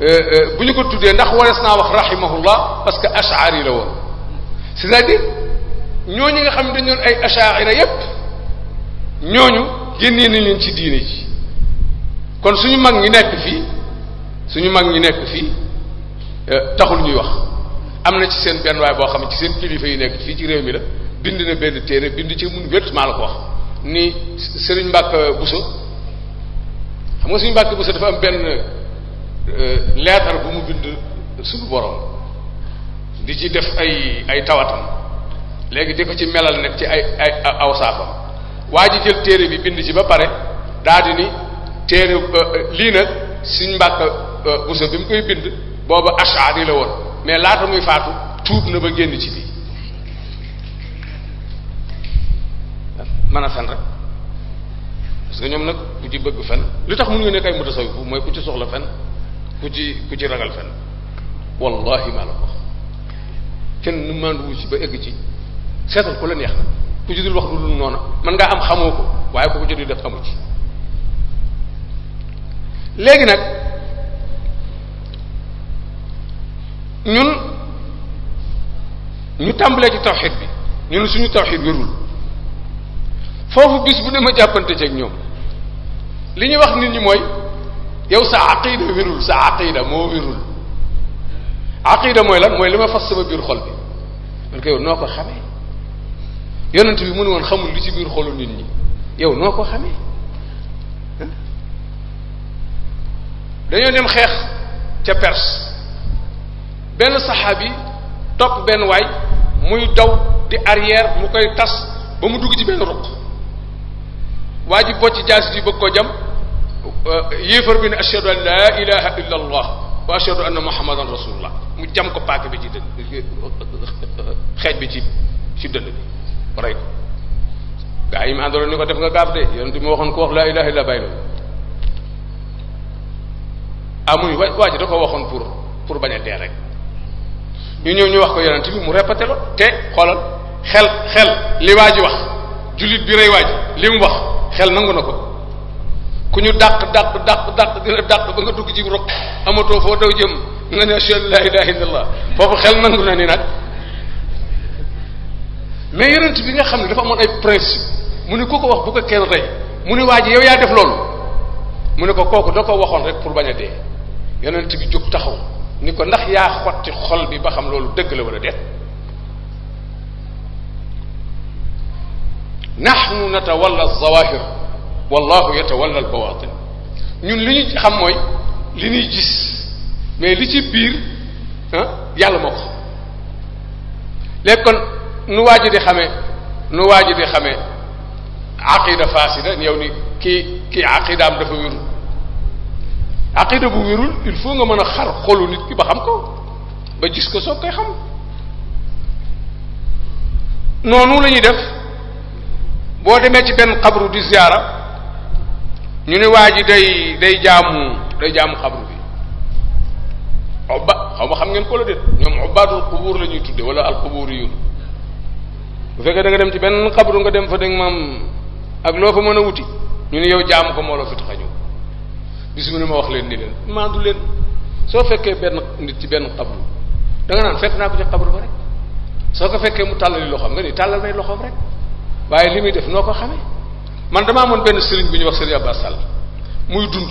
Euh, euh, bu ñu ko tuddee ndax warees naa wax rahimahullah parce que ashari la woon c'est-à-dire ñooñu nga xam ne dañoon ay ashaira yépp ñooñu génnee nañ leen ci diine ji kon suñu mag ñi nekk fii suñu mag ñu nekk fii euh, taxul ñuy wax am na ci seen benn waay boo xam ne kilifa yi nekk fii ci réew mi la bind na benn téere bind ci mun wér maa la ko wax ni Serigne Mbacke Bousso xam nga Serigne Mbacke Bousso dafa am benn Euh, leetar bu mu bind suñu borom di ci def ay ay tawatam léegi di ci melal nag ci ay ay aw waa ji jël téere bi bind ci ba pare daa di ni téere euh, euh, lii nag suñ mbàkk buso bi mu koy bind boobu ashari la woon mais laata muy faatu tuub na ba génn ci bii mën a fen rek parce que ñoom nag ku ci bëgg fen li tax mu nga nekk ay mutasawwif mooy ku ci soxla fen ku ci ku ci ragal fen wallahi maa la ko wax kenn maanduwu ci ba egg ci seetal ku la neex na ku ci dul wax du dul noona mën ngaa am xamoo ko waaye ku ko jot def xamu ci léegi nag ñun ñu tàmbalee ci tawxid bi ñun suñu tawxid wérul foofu bis bu ne ma jàppante ceeg ñoom li ñuy wax nit ñi mooy yow sa aqida wérul sa aqida moo wérul aqida mooy lan mooy li ma fas sama biir xol bi man ko yow noo ko xamee yonent bi mu ne woon xamul li ci biir xolu nit ñi yow noo ko xamee dañoo dem xeex ca Perse benn saxaabi topp benn waay muy daw di arrière mu koy tas ba mu dugg ci benn ruq waa ji bocc jaas di bëgg ko jam Euh, yéefar bi ne ashhadu an laa ilaha illa allah wa ashhadu anna mu jam ko paak bi ci dënn xeej bi ci ci dënn bi rey ko gaa yi ko def nga gaaf de yonent bi waxoon ko wax laa ilaha illa bàyyi loolu amuñ ah, wa waa ji da ko waxoon pour pour bañ a dee rek ñu ñëw ñu wax ko yonent bi mu répété lo te xoolal xel xel li waa ji wax jullit bi rey waa li mu wax xel nangu na ko ku ñu dàq dàq dàq dàq di la dàq ba nga dugg ci ruq amatoo foo daw jëm nga ne ashhadu an laa ilaha illallah foofu xel nangu na ni nag mais yonent bi nga xam ne dafa amoon ay principe mu ni ku ko wax bu ko kenn rey mu ne waa ji yow yaa def mu ne ko kooku da ko waxoon rek pour bañ a dee yonent bi jub taxaw ni ko ndax yaa xotti xol bi ba xam loolu dëgg la a wala déet nahnu natawalla zawahir wallahu yatawalla al bawatin ñun li ñu xam mooy li ñuy gis mais li ci biir ah yàlla moo ko xam kon nu waa ji di xamee nu waa ji di xamee aqida fasida yow ni kii kii aqidaam dafa wérul aqida bu wérul il faut nga mën a xar xolu nit ki ba xam ko ba gis ko soog koy xam noonu la ñuy def boo demee ci benn xabru di ziyaara ñu ni waa ji day day jaamu day jaamu xabru bi obba xaw ma xam ngeen ko la déet ñoom obbaatul xubuur la ñuy tudde wala al xubuur yu bu fekkee danga dem ci benn xabru nga dem fa dégg maam ak loo fa mën a wuti ñu ni yow jaam ko moo la fi tax a ñëw ma wax leen ni leen maandu leen soo fekkee benn nit ci benn xabru da nga naan fekk naa ko ci xabru ba rek soo ko fekkee mu tàllali loxoom nga ni tàllal nay loxoom rek waaye li muy def noo ko xamee man damaa amoon benn sëriñ bu ñuy wax sëriñ Abba Sall muy dund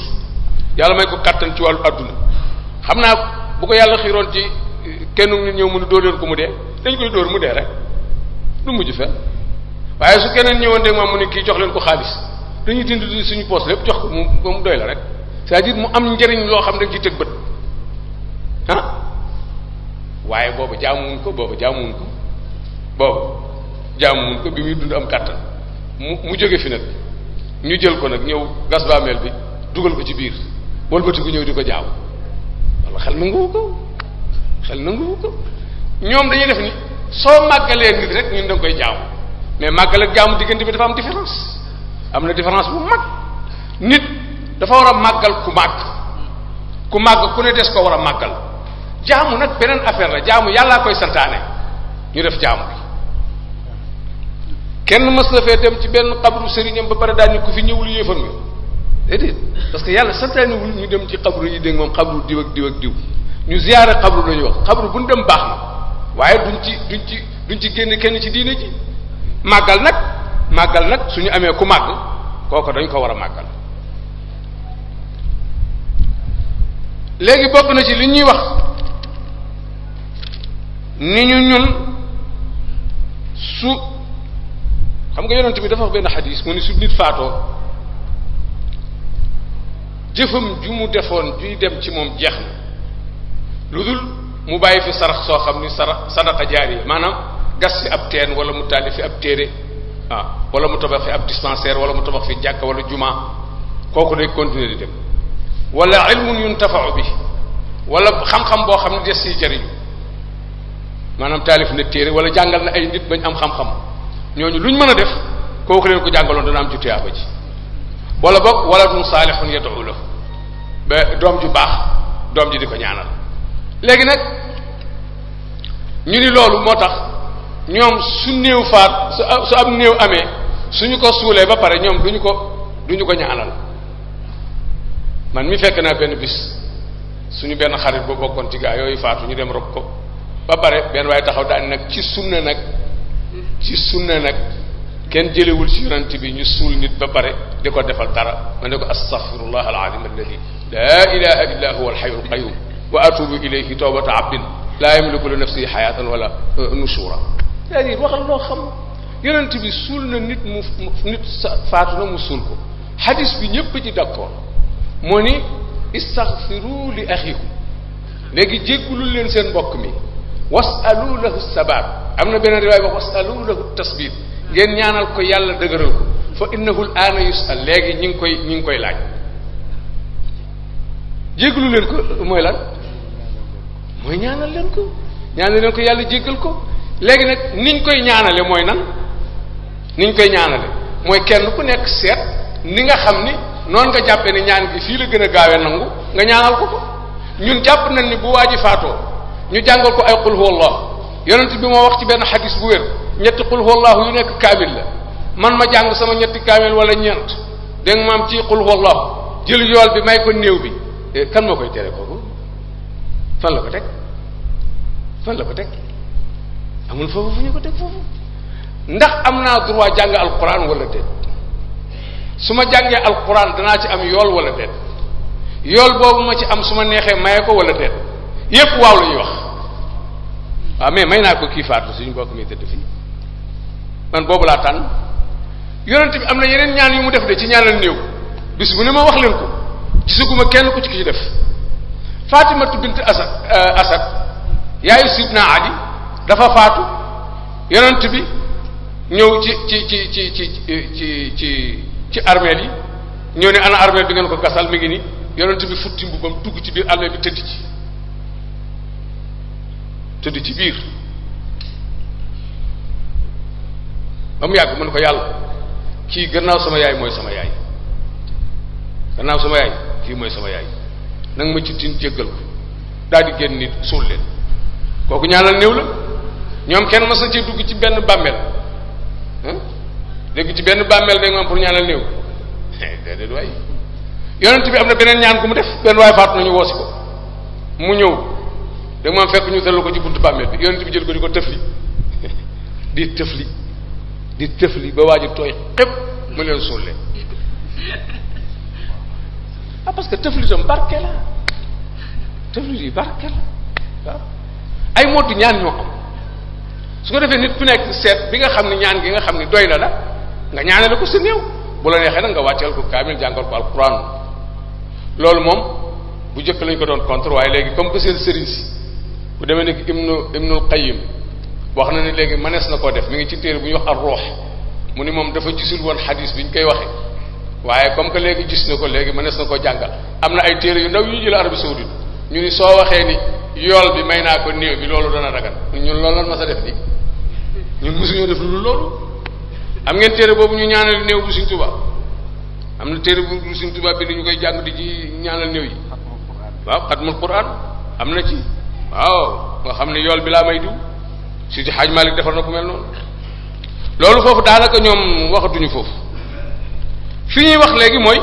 yàlla may ko kàttan ci wàllu adduna xam naa bu ko yàlla xiiroon ci eh, kenn nit ñëw mu ne doo leen ko mu dee dañ koy door mu dee rek du mujj fenn waaye su keneen ñëwoon de moom mu ne kii jox leen ko xaalis dañuy dindi suñu poos lépp jox ko mu ba mu doy la rek sa à mu am njariñ loo xam ne dañ ci tëg bët ah waaye boobu jaamuwuñ ko boobu jaamuwuñ ko boobu jaamuwuñ ko bi muy dund am kattan. mu mu jóge fi nag ñu jël ko nag ñëw gas baameel bi dugal ko ci biir wëlbatiku ñëw di ko jaaw wala xel nanguwu ko xel nanguwu ko ñoom dañuy def ni soo màggalee nit rek ñun da nga koy jaaw mais màggal ak jaamu diggante bi dafa am différence am na différence bu mag nit dafa war a màggal ku màgg ku màgg ku ne des ko war a màggal jaamu nag beneen affaire la jaamu yàllaa koy santaane ñu def jaamu kenn mës fee dem ci benn xabru sëriñam ba pare daañu ko fi ñëwul yéefar nga déedéet parce que yàlla santaaniwul ñu dem ci xabru yi dégg moom xabru diw ak diw ak ñu ziyaare xabru lañu wax xabru bu ñu dem baax na waaye duñ ci duñ ci duñ ci génn kenn ci diine ji màggal nag màggal nag suñu amee ku màgg kooko dañ ko war a màggal léegi bokk na ci li ñuy wax ni ñu ñun su xam nga yonent bi dafa wax benn xadis mu ne su nit faatoo jëfam ju mu defoon juy dem ci moom jeex na lu dul mu bàyyi fi sarax soo xam ni sarax sadaqa jaariya maanaam gas fi ab teen wala mu taali fi ab téere ah wala mu tabax fi ab dispensaire wala mu tabax fi jàkk wala jumaa kooku day continuer di dem wala ilmun yuntafa'u bi wala xam-xam boo xam ne des siy jariñu maanaam taalif na téere wala jàngal na ay nit bañ am xam-xam ñooñu luñ mën a def kooku leen ko jàngaloon dana am ci tuyaaba ji wala boog waladun saalihun yad'u lahu ba doom ju baax doom ji di ko ñaanal léegi nag ñu ni loolu moo tax ñoom su néew faat su am néew amee suñu ko suulee ba pare ñoom duñu ko duñu ko ñaanal man mi fekk naa benn bis suñu benn xarit bu bokkoon ci gaa yooyu faatu ñu dem rob ko ba pare benn waaye taxaw daan nag ci sunna nag ci sunna nag kenn jëlewul ci yonent bi ñu suul nit ba pare di ko defal dara ma ne ko astaghfirullah alazim alladi la ilaha illa huwa alhayyul qayyum wa atubu ilayhi tawbata abdin la yamliku li nafsihi hayatan wala uh, nushura c'est-à-dire waxal loo xam yonent bi suul na nit mu nit faatu na mu suul ko xadis bi ñëpp ci d'accord moo ni istaghfiru li axikum léegi jéggulul leen seen mbokk mi wasalu lahu sabaat am na beneen riwaay wax wasalu lahu tasbit ngeen ñaanal ko yàlla dëgëral ko fa innahu l aana yusal léegi ñi ngi koy ñi ngi koy laaj jéggalu ko mooy lan mooy ñaanal yàlla jéggal ko léegi nag niñ koy ñaanale mooy nan niñ koy ñaanale mooy kenn ku nekk seet ni nga xam ni noonu nga jàppee ne ñaan gi fii la gën a gaawe nangu nga ñaanal ko ko ñun jàpp nañ ni bu waa faatoo ñu jàngal ko ay qul huwallah yonent bi moo wax ci benn xadis bu wér ñetti qul huwallahu yu nekk kaamil la man ma jàng sama ñetti kaamil wala ñeent dégg ma maam ci qul huwallahu jël yool bi may ko néew bi eh, kan moo koy tere kooku fan la ko teg fan la ko teg amul foofu fu ñu ko teg foofu ndax am naa droit jàng alquran wala déet su ma jàngee alquran danaa ci am yool wala déet yool boobu ma ci am su ma neexee maye ko wala déet yëpp waaw la ñuy wax waaw mais may naa ko kii faatu suñu bokk mi tëdd fii man boobu laa tànn yonent bi am na yeneen ñaan yu mu def de ci ñaanal néew bis bu ne ma wax leen ko gisaguma kenn ku ci ki ci def fatimatu bint asad euh, asad yaayu sidna ali dafa faatu yonent bi ñëw ci ci ci ci ci ci ci ci armeel yi ñëw ne ana armeel bi ngeen ko gasal mi ngi ni yonent bi futti mbubam dugg ci biir armeel bi tëdd ci tëdd ci biir ba mu yàgg mu ko yàlla kii gannaaw sama yaay mooy sama yaay gannaaw sama yaay kii mooy sama yaay nanga ma ci tin jéggal ko daal di génn nit suul leen kooku ñaanal néew la ñoom kenn ma na ji dugg ci benn bàmmeel léegi ci benn bàmmeel dañ am pour ñaanal néew eh, déedéet waay yonent bi am na beneen ñaan ku mu def benn waay faatu nañu woosi ko mu ñëw da nga fekk ñu seetlu ko ci buntu bàmmeel bi yonent bi jël ko di ko tëfli di tëfli di tëfli ba waa ji tooy xëpp mu leen suulle ah parce que tëfli tam barke la tëfli yi barke la ay mootu ñaan ñoo am su ko defee nit ku nekk seet bi nga xam ne ñaan gi nga xam ne doy na la nga ñaanale ko sa néew bu la neexee nag nga wàcceel ko kaamil jàngal ko alquran loolu moom bu jëkk lañ ko doon contre waaye léegi comme que seen sëriñ si bu demee ni ibnu ibnul qayyim wax na ne léegi mënees na koo def mu ngi ci téere bu ñuy wax ar ruux mu ni moom dafa gisul woon xadis bi ñu koy waxee waaye comme que léegi gis na ko léegi mënees na koo jàngal am na ay téere yu ndaw yu jël Arabie saoudite ñu ni soo waxee ni yool bi may naa ko néew loolu dana dagan ñun loolu lan ma sa def di ñun mosuñoo def lu am ngeen téere boobu ñu ñaanal néew bu Sëriñ Tuubaa am na téere bu Sëriñ Tuubaa bi ñu koy jàng di ci ñaanal néew yi waaw xatmul Quraan am na ci waaw nga xam ne yool bi laa may diw si ci xaaj Malik defar na ko mel noonu loolu foofu daanaka ñoom waxatuñu foofu fi ñuy wax léegi mooy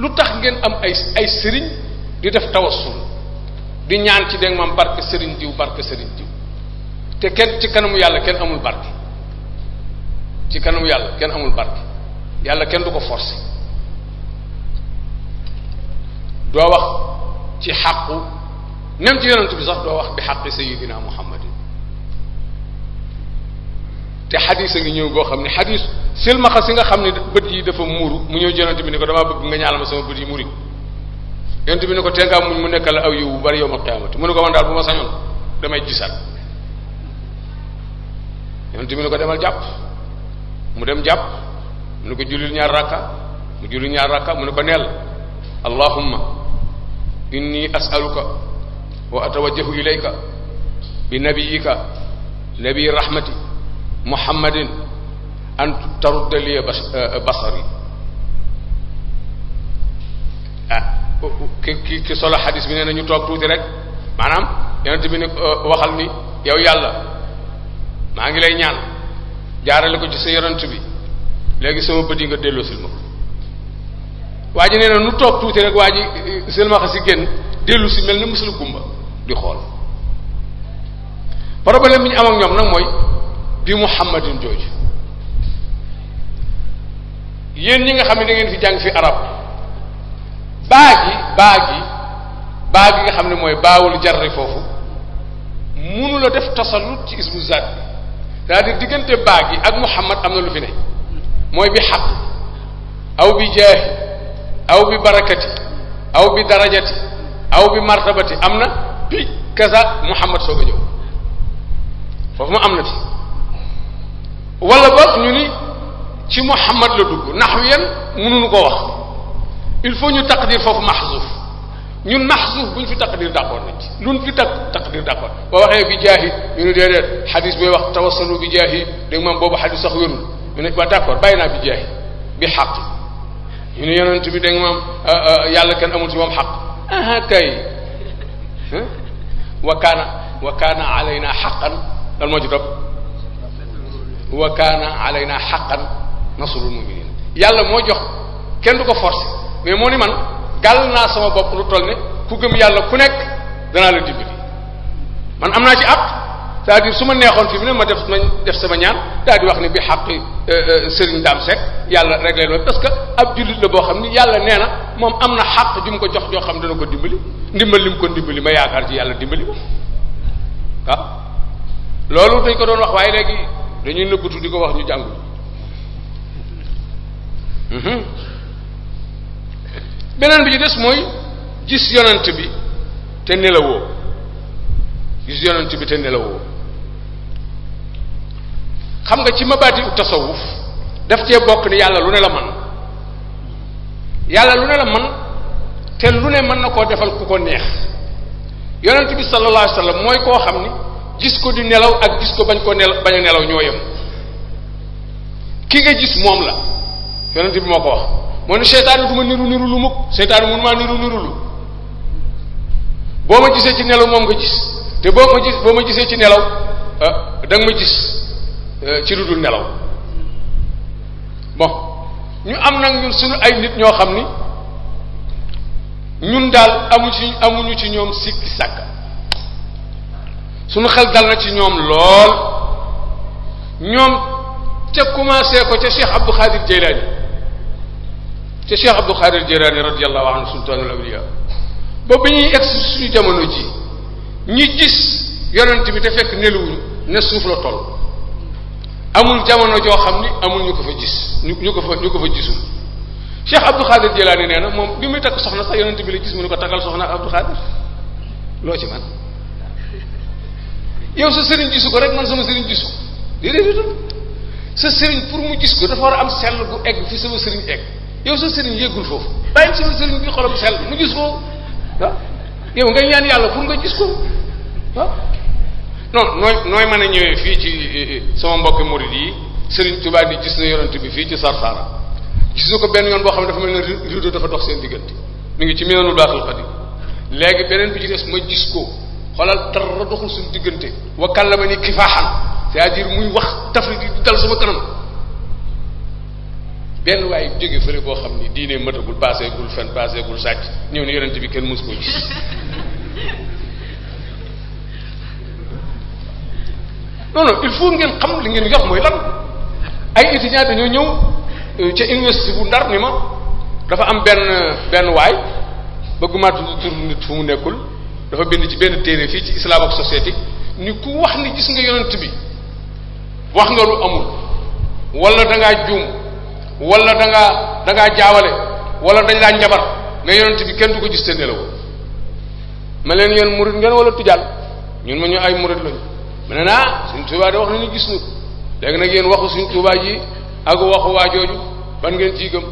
lu tax ngeen am ay ay sëriñ di def tawassul di ñaan ci dégg maam barke sëriñ diw barke sëriñ diw te kenn ci kanamu yàlla kenn amul barke ci kanamu yàlla kenn amul barke yàlla kenn du ko forcer doo wax ci xaqu même ci yonent bi sax doo wax bi xaqi sayidina muhammadin te xadis a ngi ñëw boo xam ne xadis silmaxa si nga xam ne bët yi dafa muuru mu ñëw yonent bi ne ko damaa bëgg ma sama bët yi muuri yonent ko te mu nekkal aw yow bu bari yow ma qiyaamati mu ne ko man daal bu ma sañoon damay gisaat yonent bi ne ko demal jàpp mu dem jàpp mu ne ko julil ñaar rakka mu julil ñaar rakka mu ne ko neel allahumma inni as'aluka wa atawajjahu ilayka bi nabiyika nabi rahmati muhammadin an tarudda liya basari ah ki ki ki solo xadis bi nee na ñu toog tuuti rek maanaam yonente bi ne euh, waxal ni yow yàlla maa ngi lay ñaan jaarale ko ci sa yonent bi léegi sama bët yi nga delloosil ma ko waa ji nee na nu toog tuuti rek waa ji sëlmaxa si génn dellu si mel ni mësul gumba di xool problème bi ñu am ak ñoom nag mooy bi muhammadin jooju yéen ñi nga xam ne da ngeen fi jàng fi arab baa gi baa gi baa gi nga xam ne mooy baawul jarri foofu munu la def tasallut ci ismu zaat bi diggante baa yi ak muhammad am na lu fi ne mooy bi xaq aw bi jaahi aw bi barakati aw bi darajati aw bi martabati am na bi kaza muhammad soog a foofu ma am na fi wala boog ñu ni ci muhammad la dugg naxwiyan mënuñu ko wax il faut ñu taqdir foofu maxsuuf ñun maxsuuf bu ñu fi taqdir d'accord nañ ci luñ fi tak taqdir d'accord boo bi jaahi ñu ne déedéet xadis booy wax tawassalu bi jaahi dégg ma boobu xadis sax wérul ñu ne ba d'accord bay naa bi jaahi bi xaq ñu ne yonent bi dégg nga moom yàlla kenn amul ci moom xaq aha kay wa kaana wa kaana alayna xaqan lan moo ci topp wa kaana alayna xaqan nasrul muminin yàlla moo jox kenn du ko forcer mais moo ni man gàll naa sama bopp lu toll ne ku yàlla ku nekk danaa la dimbali man am naa ci àq cest à su ma neexoon fi mu ne ma def ma def sama ñaan daal di wax ni bi xaqi euh, euh, Serigne Dame Seck yàlla réglé na parce que ab jullit la boo xam ni yàlla nee na moom am na xaq ju mu ko jox joo xam dana ko dimbali ndimbal li mu ko dimbali ma yaakaar ci yàlla dimbali ma loolu dañ ko doon wax waaye léegi dañuy nëbbatu di ko wax ñu jàngul mhm. beneen bi ci des mooy gis yonent bi te nelawoo gis yonent bi te nelawoo xam nga ci mabaadi u tasawuf daf cee bokk ni yàlla lu ne la man yàlla lu ne la man te lu ne mën na koo defal ku ko neex yonent bi sallallahu alayhi wasallam mooy koo xam ni gis ko di nelaw ak gis ko bañ koo nelaw bañ nelaw ñoo yem ki nga gis moom la yonent bi moo ko wax moo ne seytaane du ma niru niru lu mukk seytaane mun maa niru niru lu boo ma gisee ci nelaw moom nga gis te boo ma gis boo ma gisee ci nelaw ah, danga nga ma gis Euh, ci lu dul nelaw bon ñu am nag ñun suñu ay nit ñoo xam ni ñun daal amu ci amuñu ci ñoom sikki sàkk suñu xel dal na ci ñoom lool ñoom ca commencé ko ca Cheikh Abdou Khadir Jeylaani ca Cheikh Abdou Khadir Jeylaani radiyallahu anhu sultaanul awliya ba ñuy egsi suñu jamono ji ñi gis yonent bi te fekk neluwuñu ne suuf la toll amul jamono joo xam ni amul ñu ko fa gis ñu ñu ko fa ñu ko fa gisul Cheikh Abdou Khadir Jilani nee na moom bi muy takk soxna sax yonent bi la gis mu ne ko takkal soxna Abdou Khadir loo ci man yow sa sëriñ gisu ko rek man sama sëriñ gis ko déedéet sa sëriñ pour mu gis ko dafa war a am sell bu egg fi sama sëriñ egg yow sa sëriñ yéegul foofu bàyyi sama sëriñ bi xolam sell mu gis ko yow nga ñaan yàlla pour nga gis ko non nooy nooy mën a ñëwee fii ci sama mbokki murid yi sëriñ Touba di gis na yonent bi fii ci Sarsara gisu ko benn yoon boo xam ne dafa mel ne rideau dafa dox seen diggante mu ngi ci Minanul Baaxil Xadim léegi beneen bi ci des ma gis ko xoolal dara doxul suñu diggante la ba ni kifaaxan c'est-à-dire muy wax tafri di dal sama kanam benn waaye jóge fële boo xam ni diine matagul paasegul fen paasegul sàcc ñëw ne yonent bi kenn mësu ko gis non non il ngeen xam li ngeen yor mooy lan ay étudiants dañoo ñëw euh, ca université bu ndar ni ma dafa am benn benn waay bëgguma tur nit fu mu nekkul dafa bind ci benn téere fii ci islam ak société ni ku wax ni gis nga yonent bi wax nga lu amul wala dangaa ngaa juum wala da dangaa jaawale wala dañ laa njabar mais yonent bi kenn du ko gis te nelawoo ma leen yéen murit ngeen wala tujal ñun ma ñu ay murit lañu mu ne naa suñ tuubaa de wax nañu gis nu léegi nag yéen waxu suñ tuubaa ji ak waxu waa jooju ban ngeen ciy gëm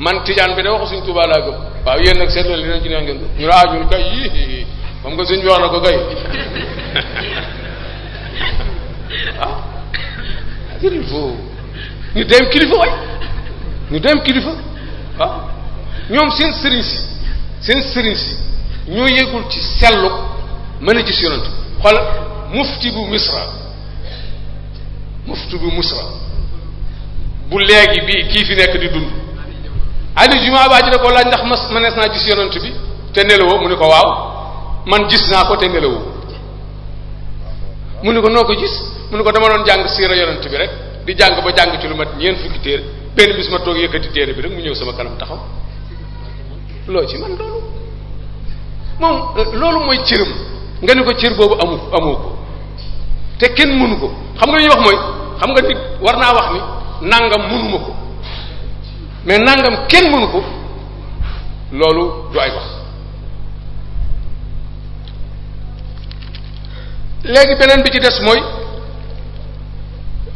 man tijaan bi de waxu suñ tuubaa laa gëm waaw yéen nag seet la li nañ ci neen ngeen ñu ne ah, ñun kay yii nga suñ bi na ko kay ah. ñu dem kilifa way ñu dem kilifa waaw ah. ñoom seen sëriñ si seen sëriñ si ñoo yëgul ci sellu mën a gis yonent xoolal mufti bu misra mufti bu misra bu léegi bii kii fi nekk di dund ali juma baa ji da ko laaj ndax mas manees naa gis yonent bi te nelawoo mu ne ko waaw man gis naa ko te nelawoo mu ne ko noo ko gis mu ne ko dama doon jàng siira yonent bi rek di jàng ba jàng ci lu mat ñeent fukki téere benn bis ma toog yëkkati téere bi rek mu ñëw sama kanam taxaw loo ci man loolu moom loolu mooy cëram nga ne ko cër boobu amu amu ko te kenn mënu ko xam nga li ñuy wax mooy xam nga nit war naa wax ni nangam mënuma ko mais nangam kenn mënu ko loolu du ay wax léegi beneen bi ci des mooy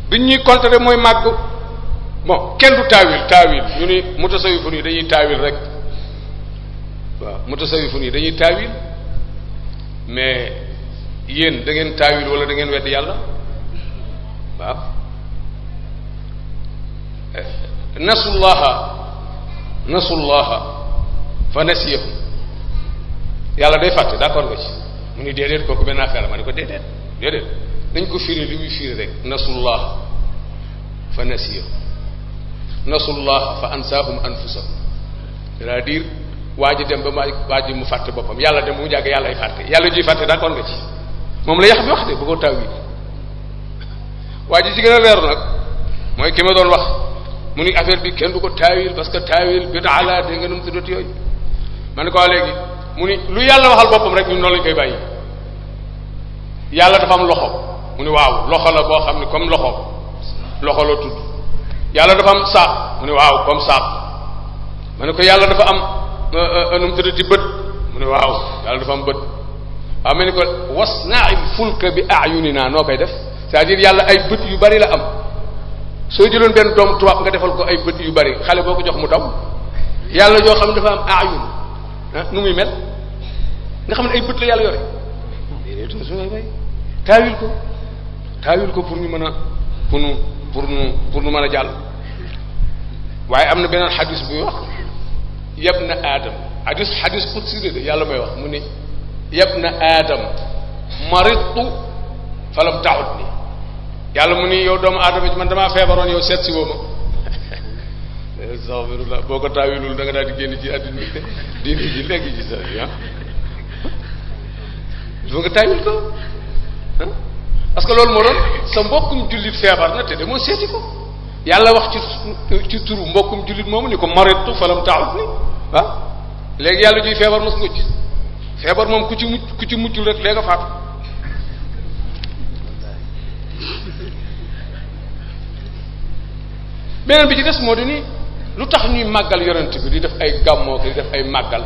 bi ñuy contrer mooy màgg bon kenn du taawil taawil ñu ni mutasawifun yi dañuy taawil rek waaw mutasawifun yi dañuy taawil mais yéen da ngeen taawil wala da ngeen wedd yàlla waaw nasullaha nasullaha fa nasiyahum yàlla day fàtte d'accord nga ci mu ni déedéet kooku benn affaire ma ne ko déedéet déedéet dañ ko firi li firi rek nasullaha fa nasiyahum nasullaha fa ansaahum anfusahum cest à diir waa ji dem ba ma waa ji mu fàtte boppam yàlla dem mu jàgg yàlla ay fàtte yàlla juy fàtte d'accord nga ci moom la yax bi wax de bu ko taw yi waa ji ci gën a leeru nag mooy ki ma doon wax mu ni affaire bi kenn du ko taawil parce que taawil bi daala a nga nu mu tuddati yooyu ma ne ko léegi mu ni lu yàlla waxal boppam rek ñun noonu lañ koy bàyyi yàlla dafa am loxo mu ni waaw loxo la boo xam ne comme loxo loxo la tudd yàlla dafa am saaq mu ni waaw comme saaq ma ne ko yàlla dafa am euh, euh, nu mu tuddati bët mu ni waaw yàlla dafa am bët waaw mu ne ko wasna'il fulka bi a'yunina noo koy def c'est-à-dire yàlla ay bët yu bari la am soo jëloon benn doom tubaab nga defal ko ay bët yu bari xale boo ko jox mu daw yàlla yoo xam ne dafa am ayun ah ay bët la yàlla yore taawil ko taawil ko pour ñu mën a pour nu pour nu pour nu mën a jàll waaye am na beneen xadis buy wax yab na aadam xadis xadis xudsi de yàlla may wax mu ni yabna aadam maridtu falam taxut ni yàlla mu ni yow doomu aadama ci man damaa feebaroon yow seet si woo ma astaghfirullah boo ko taawilul da nga daal di génn ci àddina diine ji léegi ci sa ah boo ko taawil ah. ko parce que loolu moo doon sa mbokkum jullit feebar na te demoo seeti ko yàlla wax ci turu mbokkum jullit moomu ni ko maritu falam taxut ni waaw ah. léegi yàlla juy feebar mos nga gis feebar moom ku ci mucc ku ci muccul rek léegi nga faatu beneen bi ci des moo di ni lu tax ñuy màggal yonent bi di def ay gàmmoo di def ay màggal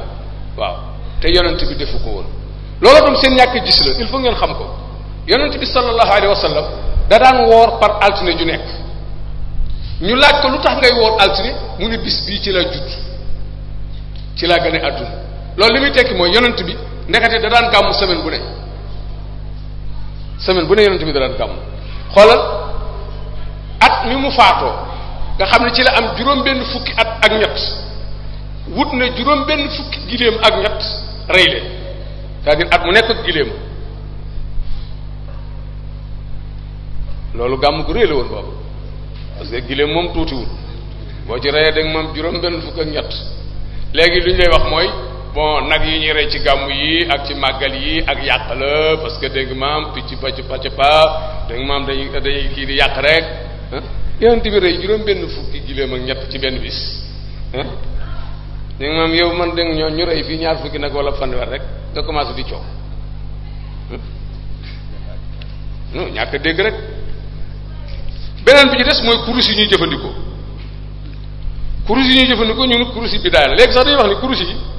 waaw te yonent bi defu ko woon loolu tam seen ñàkk gis la il faut ngeen xam ko yonent bi sallallahu alayhi wa woor par altine ju nekk ñu laaj ko lu tax ngay woor altine mu ne bis bii ci la judd ci la gane àdduna loolu li muy tekki mooy yonent bi ndekete da daan gàmm semaine bu ne semaine bu ne yonent bi da daan gàmm xoolal at mi mu faatoo nga xam ne ci la am juróom-benn fukki at ak ñett na juróom-benn giléem ak ñett rey leen cest à at mu nekk ak giléem loolu gàmm ku rëy la woon boobu parce que giléem moom tuutiwul boo ci reyee da moom juróom-benn fukk ak ñett léegi lu ñu lay wax mooy. bon nag yi ñuy rey ci gàmm yi ak ci màggal yi ak yàq la parce que dégg maam picc pacc pacc pa dégg maam dañuy dañuy kii di yàq rek yonent bi rey juróom benn fukki giléem ak ñett ci benn bis dégg maam yow man dégg ñoo ñu rey fii ñaar fukki nag wala fanweer rek nga commencé di coow non ñàkk a dégg rek beneen bi ci des mooy kurus yi ñuy jëfandikoo kurus yi ñuy jëfandikoo ñu ne kurus yi bi daay la léegi sax dañuy wax ni kurus yi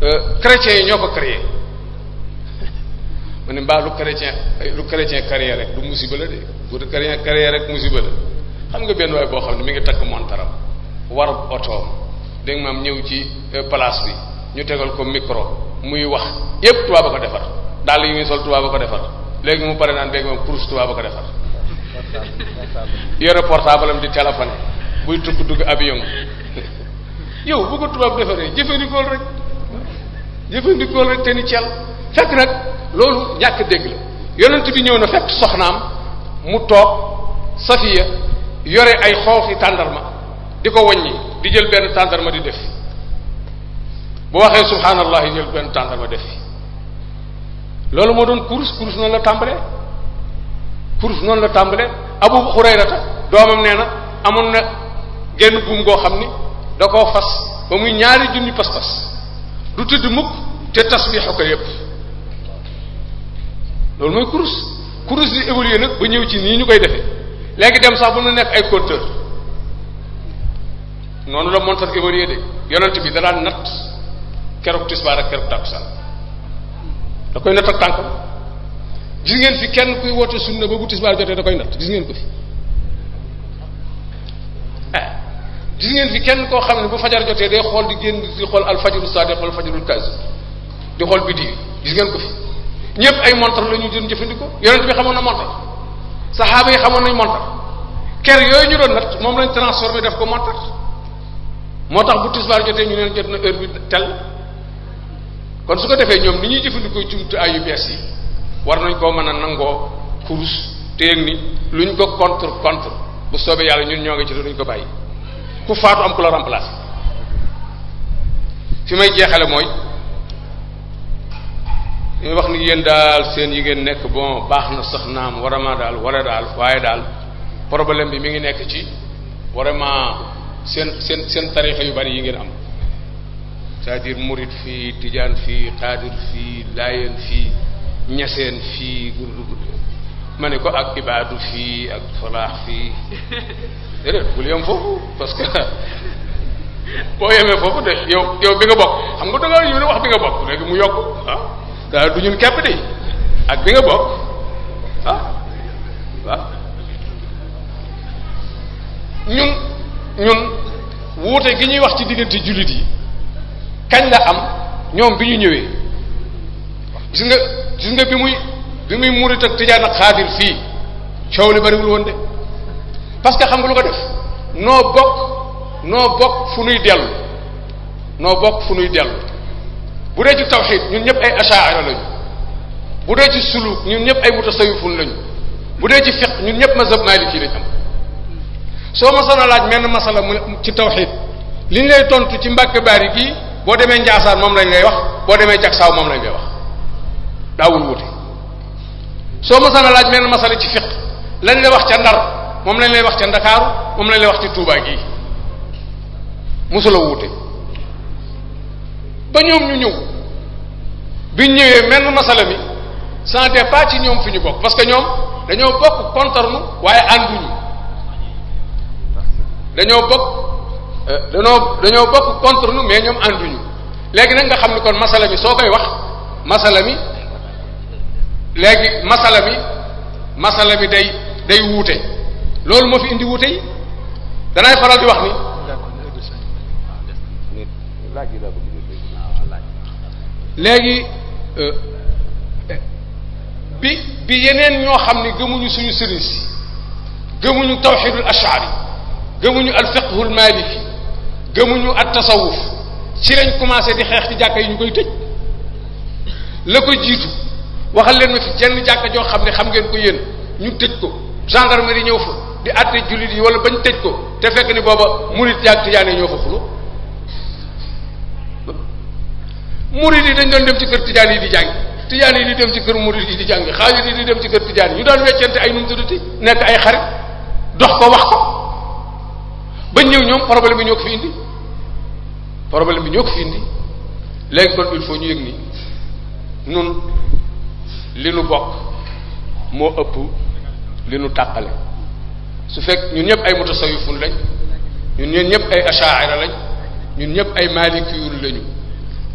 Euh, chrétiens yi ñoo ko créé ma ne mbaa lu chrétien lu chrétien créé rek du musiba la de bu chrétien créé rek musiba la xam nga benn waay boo xam ne mu ngi takk montaram warub otoom dégg maam ñëw ci euh, place bi ñu tegal ko micro muy wax yépp tubaab a ko defar daal yi muy sol tubaab a ko defar léegi mu pare naan dégg maam course tubaab a ko defar yore portable di téléphone buy tukk dugg avion yow bu ko tubaab defaree jëfandikool rek jëfandikoo rek te ni cel fekk nag loolu ñàkk dégg la yonent bi ñëw na fekk soxnaam mu toog safiya yore ay xooxi tàndarma di ko waññi di jël benn tàndarma di def bu waxee subhanallah yi jël benn tàndarma def loolu moo doon course course noonu la tàmbalee course noonu la tàmbalee abu xurayrata doomam nee na amoon na genn buum goo xam ni da koo fas ba muy ñaari junni pas-pas du tëdd mukk te tasbiixu ko yépp loolu mooy kurus kurus di évoluer nag ba ñëw ci nii ñu koy defee léegi dem sax ba mu nekk ay compteur noonu la montar évoluer de yonent bi danaa natt keroog tisbaar ak keroog tàkkusaan da koy natt ak tànkam gis ngeen fi kenn kuy woote sunna ba bu tisbaar jotee da koy natt gis ngeen ko gis ngeen fi kenn koo xam ne bu fajar jotee day xool di génn di xool alfajaru sadiq wala fajarul kaazib di xool bi di gis ngeen ko fi ñëpp ay montar la ñu doon jëfandikoo yonent bi xamoon na montar saxaaba yi xamoon nañ montar ker yooyu ñu doon nag moom lañ transformé def ko montar moo tax bu tisbaar jotee ñu leen jot na heure bi tel kon su ko defee ñoom ni ñuy jëfandikoo jumtuwaay yu bees yi war nañ koo mën a nangoo kurus téen lu ñu ko contre contre bu soobee yàlla ñun ñoo ngi ci duñ ko bàyyi ku faatu am ku la remplacer fi may jeexale mooy ñu wax ni yéen daal seen yi ngeen nekk bon baax na sax naam warama daal wala daal waaye daal problème bi mi ngi nekk ci vraiment seen seen seen tarixa yu bari yi ngeen am c'est-à-dire murid fii tijaan fii xaadir fii laayeen fii ñaseen fii ma ni ko ak ibaadu fii ak falaax fii déedéet bul yem foofu parce que boo yemee foofu de yow yow bi nga bokk xam nga dangaa yéene wax bi nga bokk léegi mu yokk ah daal du ñun képp de ak bi nga bokk ah ñun ñun wuute gi ñuy wax ci diggante jullit yi kañ la am ñoom bi ñu ñëwee gis nga gis nga bi muy bi muy murit ak tijaan ak xaadir fii coow li bariwul woon de parce que xam nga lu ko def noo bokk noo bokk fu nuy dellu noo bokk fu nuy dellu bu dee ci tawxid ñun ñëpp ay achaira lañu bu dee ci suluk ñun ñëpp ay mutasawifun lañu bu dee ci fiq ñun ñëpp mazhab maliki lañu am soo masana laaj menn masala ci tawxid li ñu lay tontu ci mbàkk baari gii boo demee njaasaan moom lañ lay wax boo demee jagsaaw moom lañ lay wax daawul wuti soo mosaan a laaj mel masala ci fiq lañ lay wax ca ndar moom lañ lay wax ca ndakaaru moom lañ lay wax ci tuubaa gi mosula wuute ba ñoom ñu ñëw biñ ñëwee mel masala mi santé pas ci ñoom fi ñu bokk parce que ñoom dañoo bokk contorne waaye ànduñu dañoo bokk euh, dañoo dañoo bokk contre nu mais ñoom ànduñu léegi nag nga xam ni kon masala mi soo koy wax masala mi léegi masala bi masala bi day day wuute loolu moo fi indi wuute yi danay faral di wax ni léegi euh, bi bi yeneen ñoo xam ne gëmuñu suñu sëriñ si gëmuñu tawxidul ashari gëmuñu al fiqhul maliki gëmuñu at tasawuf ci lañ commencé di xeex ci jàkka yi ñu koy tëj la ko jiitu waxal leen ma fi jenn jàkka joo xam ne xam ngeen ko yéen ñu tëj ko gendarmerie ñëw fa di àtte jullit yi wala bañ tëj ko te fekk ni booba murit yaag tijaane ñoo fa xulo yi dañ doon dem ci kër tijaan yi di jàng tijaan yi di dem ci kër murit yi di jàng xaalis yi di dem ci kër tijaan yi ñu daan weccante ay num tuddati nekk ay xarit dox ko wax ko bañ ñëw ñoom problème bi ñoo ko fi indi problème bi ñoo ko fi indi léegi kon il faut ñu yëg ni nun li nu bokk moo ëpp li nu tàqale su fekk ñun ñëpp ay mutasawifun lañ ñun ñëpp ay ashaira lañ ñun ñëpp ay malikiyun lañu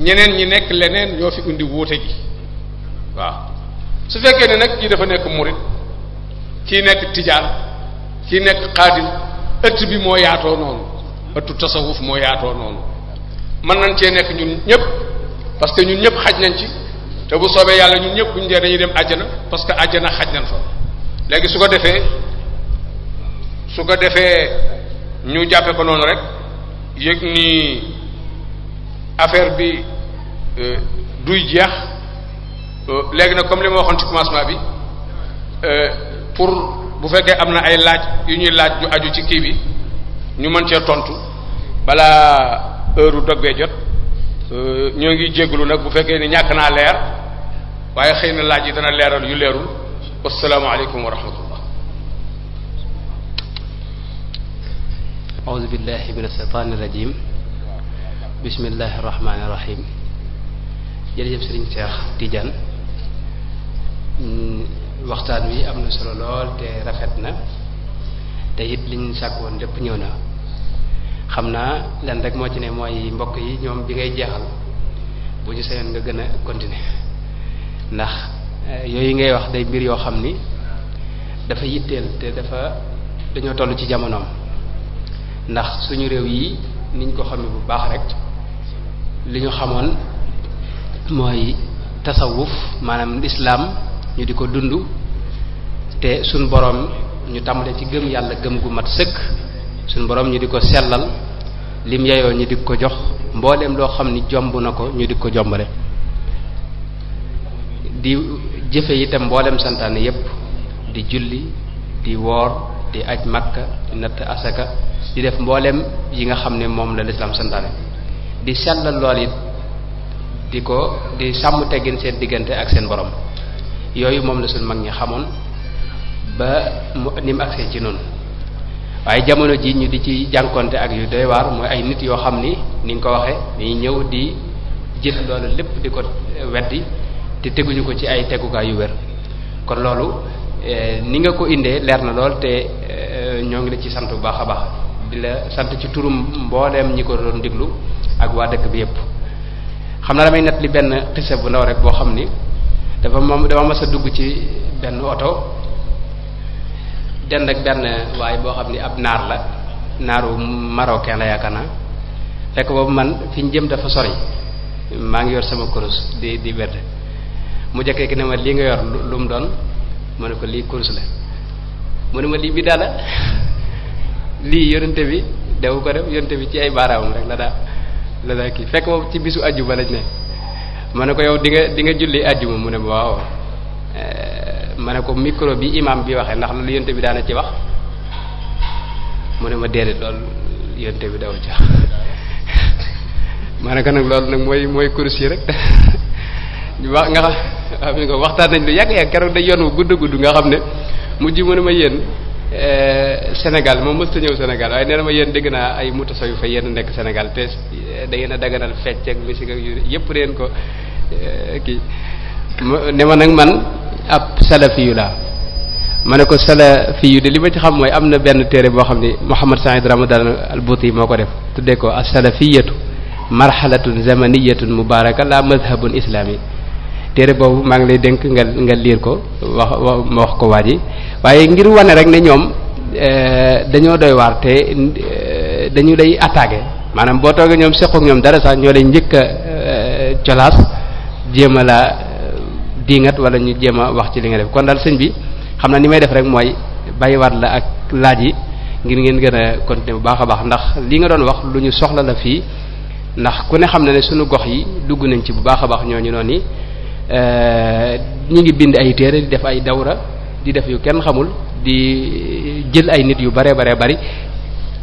ñeneen ñi nekk leneen ñoo fi indi wuute gi waaw su fekkee ne nag kii dafa nekk murit kii nekk tijaan kii nekk xaadim ëtt bi moo yaatoo noonu ëttu tasawuf moo yaatoo noonu mën nañ cee nekk ñun ñëpp parce que ñun ñëpp xaj nañ ci te bu soobee yàlla ñu ñëpp bu ñu dee dañuy dem àjjana parce que na xaj nañ fa léegi su ko defee su ko defee ñu jàppe ko noonu rek yëg ni affaire bi euh, duy jeex euh, léegi nag comme li ma waxoon ci commencement bi euh, pour bu fekkee am na ay laaj yu ñuy laaj ju aju ci kii bi ñu mën cee tontu balaa heure u dog bee jot Euh, ñoo ngi jégalu nag bu fekkee ni ñàkk naa leer waaye xëy na laaj yi dana leeral yu leerul wasalaamaaleykum wa rahmatullah auzu billahi min asheytaani rajim bismillahi rahmaani rahim jërëjëf sëriñ Cheikh Tidiane mm, waxtaan wi am na solo lool te rafet na te it liñ sàkk woon lépp ñëw na xam naa leen rek moo ci ne mooy mbokk yi ñoom bi ngay jeexal bu ñu seen nga gën a continuer ndax eh, yooyu ngay wax day mbir yoo xam ni dafa yitteel te dafa dañoo toll ci jamonoom ndax suñu réew yi niñ ko xam xamee bu baax rek li ñu xamoon mooy tasawuf maanaam lislaam ñu di ko dund te suñ boroom ñu tàmbalee ci gëm yàlla gëm gu mat sëkk suñ boroom ñu di ko sellal lim yeyoo ñu di ko jox mbooleem loo xam ni jomb na ko ñu di ko jombale di jëfe itam mbooleem santaane yépp di julli di woor di aj makka di natt asaka di def mbooleem yi nga xam ne moom la lislaam santaane di sellal lool it di ko di sàmm teggin seen diggante ak seen borom yooyu moom la suñ mag ñi xamoon ba mu ni mu agsee ci noonu waaye jamono ji ñu di ci jànkonte ak yu doy waar mooy ay nit yoo xam ni ni nga ko waxe dañuy ñëw di jël loolu lépp di ko eh, weddi te teguñu ko ci ay tegukaay yu wér kon loolu eh, ni nga ko indee leer na lool te eh, ñoo ngi la ci sant bu baax a baax di la sant ci turum mbooleem ñi ko doon diglu ak waa dëkk bi yépp xam naa damay nett li benn xisa bu ndaw rek boo xam ni dafa moom dama mas a dugg ci benn oto dend ak benn waaye boo xam ni ab naar la naaru marocain la yaakaar naa fekk boobu man fi ñu jëm dafa sori maa ngi yor sama kurus di di wedd mu jëkkee ki ne ma lii nga yor lu mu doon ma ne ko lii kurus la mu ne ma lii bi daala lii yonente bi dewu ko def yonente bi ci ay baaraamam rek la daa la daa kii fekk boobu ci bisu ajjuma lañ ne ma ne ko yow di nga di nga julli ajjuma mu ne waaw eh, ma ne ko micro bi imam bi waxee ndax loolu yonte bi daana ci wax mu ne ma déedéet loolu bi daw ci wax ne ko nag loolu nag mooy mooy yi rek wax nga xam ne ko waxtaan nañ lu yàgg-yàgg keroog yoon wu gudd gudd nga xam ne mujj mu ne ma yéen eh, Sénégal moom mësta ñëw Sénégal waaye nee na ma yéen dégg naa ay mutasaw yu fa yéen nekk Sénégal te da ngeen a daganal fecc ak musique ak yu yëpp reen ko eh, kii ne ma nag man ab salafiyu laa ma ne ko salafiyu de li ma ci xam mooy am na benn téere boo xam ni Mouhamad Saïd Ramadan al-Bouti moo ko def tuddee ko as-salafiyatu marhalatun zamaniyatun laa la madhabun islami téere boobu maa ngi lay dénk nga nga liir ko wax ma wax ko waa yi waaye ngir wane rek ne ñoom eh, dañoo doy waar te eh, dañu lay attaqué maanaam boo toogee ñoom seqoog ñoom dara sax ñoo lay njëkk a eh, colaas jéem laa ngat wala ñu jéem a wax ci li nga def kon daal sëñ bi xam na ni may def rek mooy bàyyiwaat la ak laaj yi ngir ngeen gën a continuer bu baax a baax ndax li nga doon wax lu ñu soxla la fii ndax ku ne xam na ne suñu gox yi dugg nañ ci bu baax a baax ñooñu noonu eh, ñi ngi bind ay téere def ay dawra di def yu kenn xamul di jël ay nit yu bare bare bari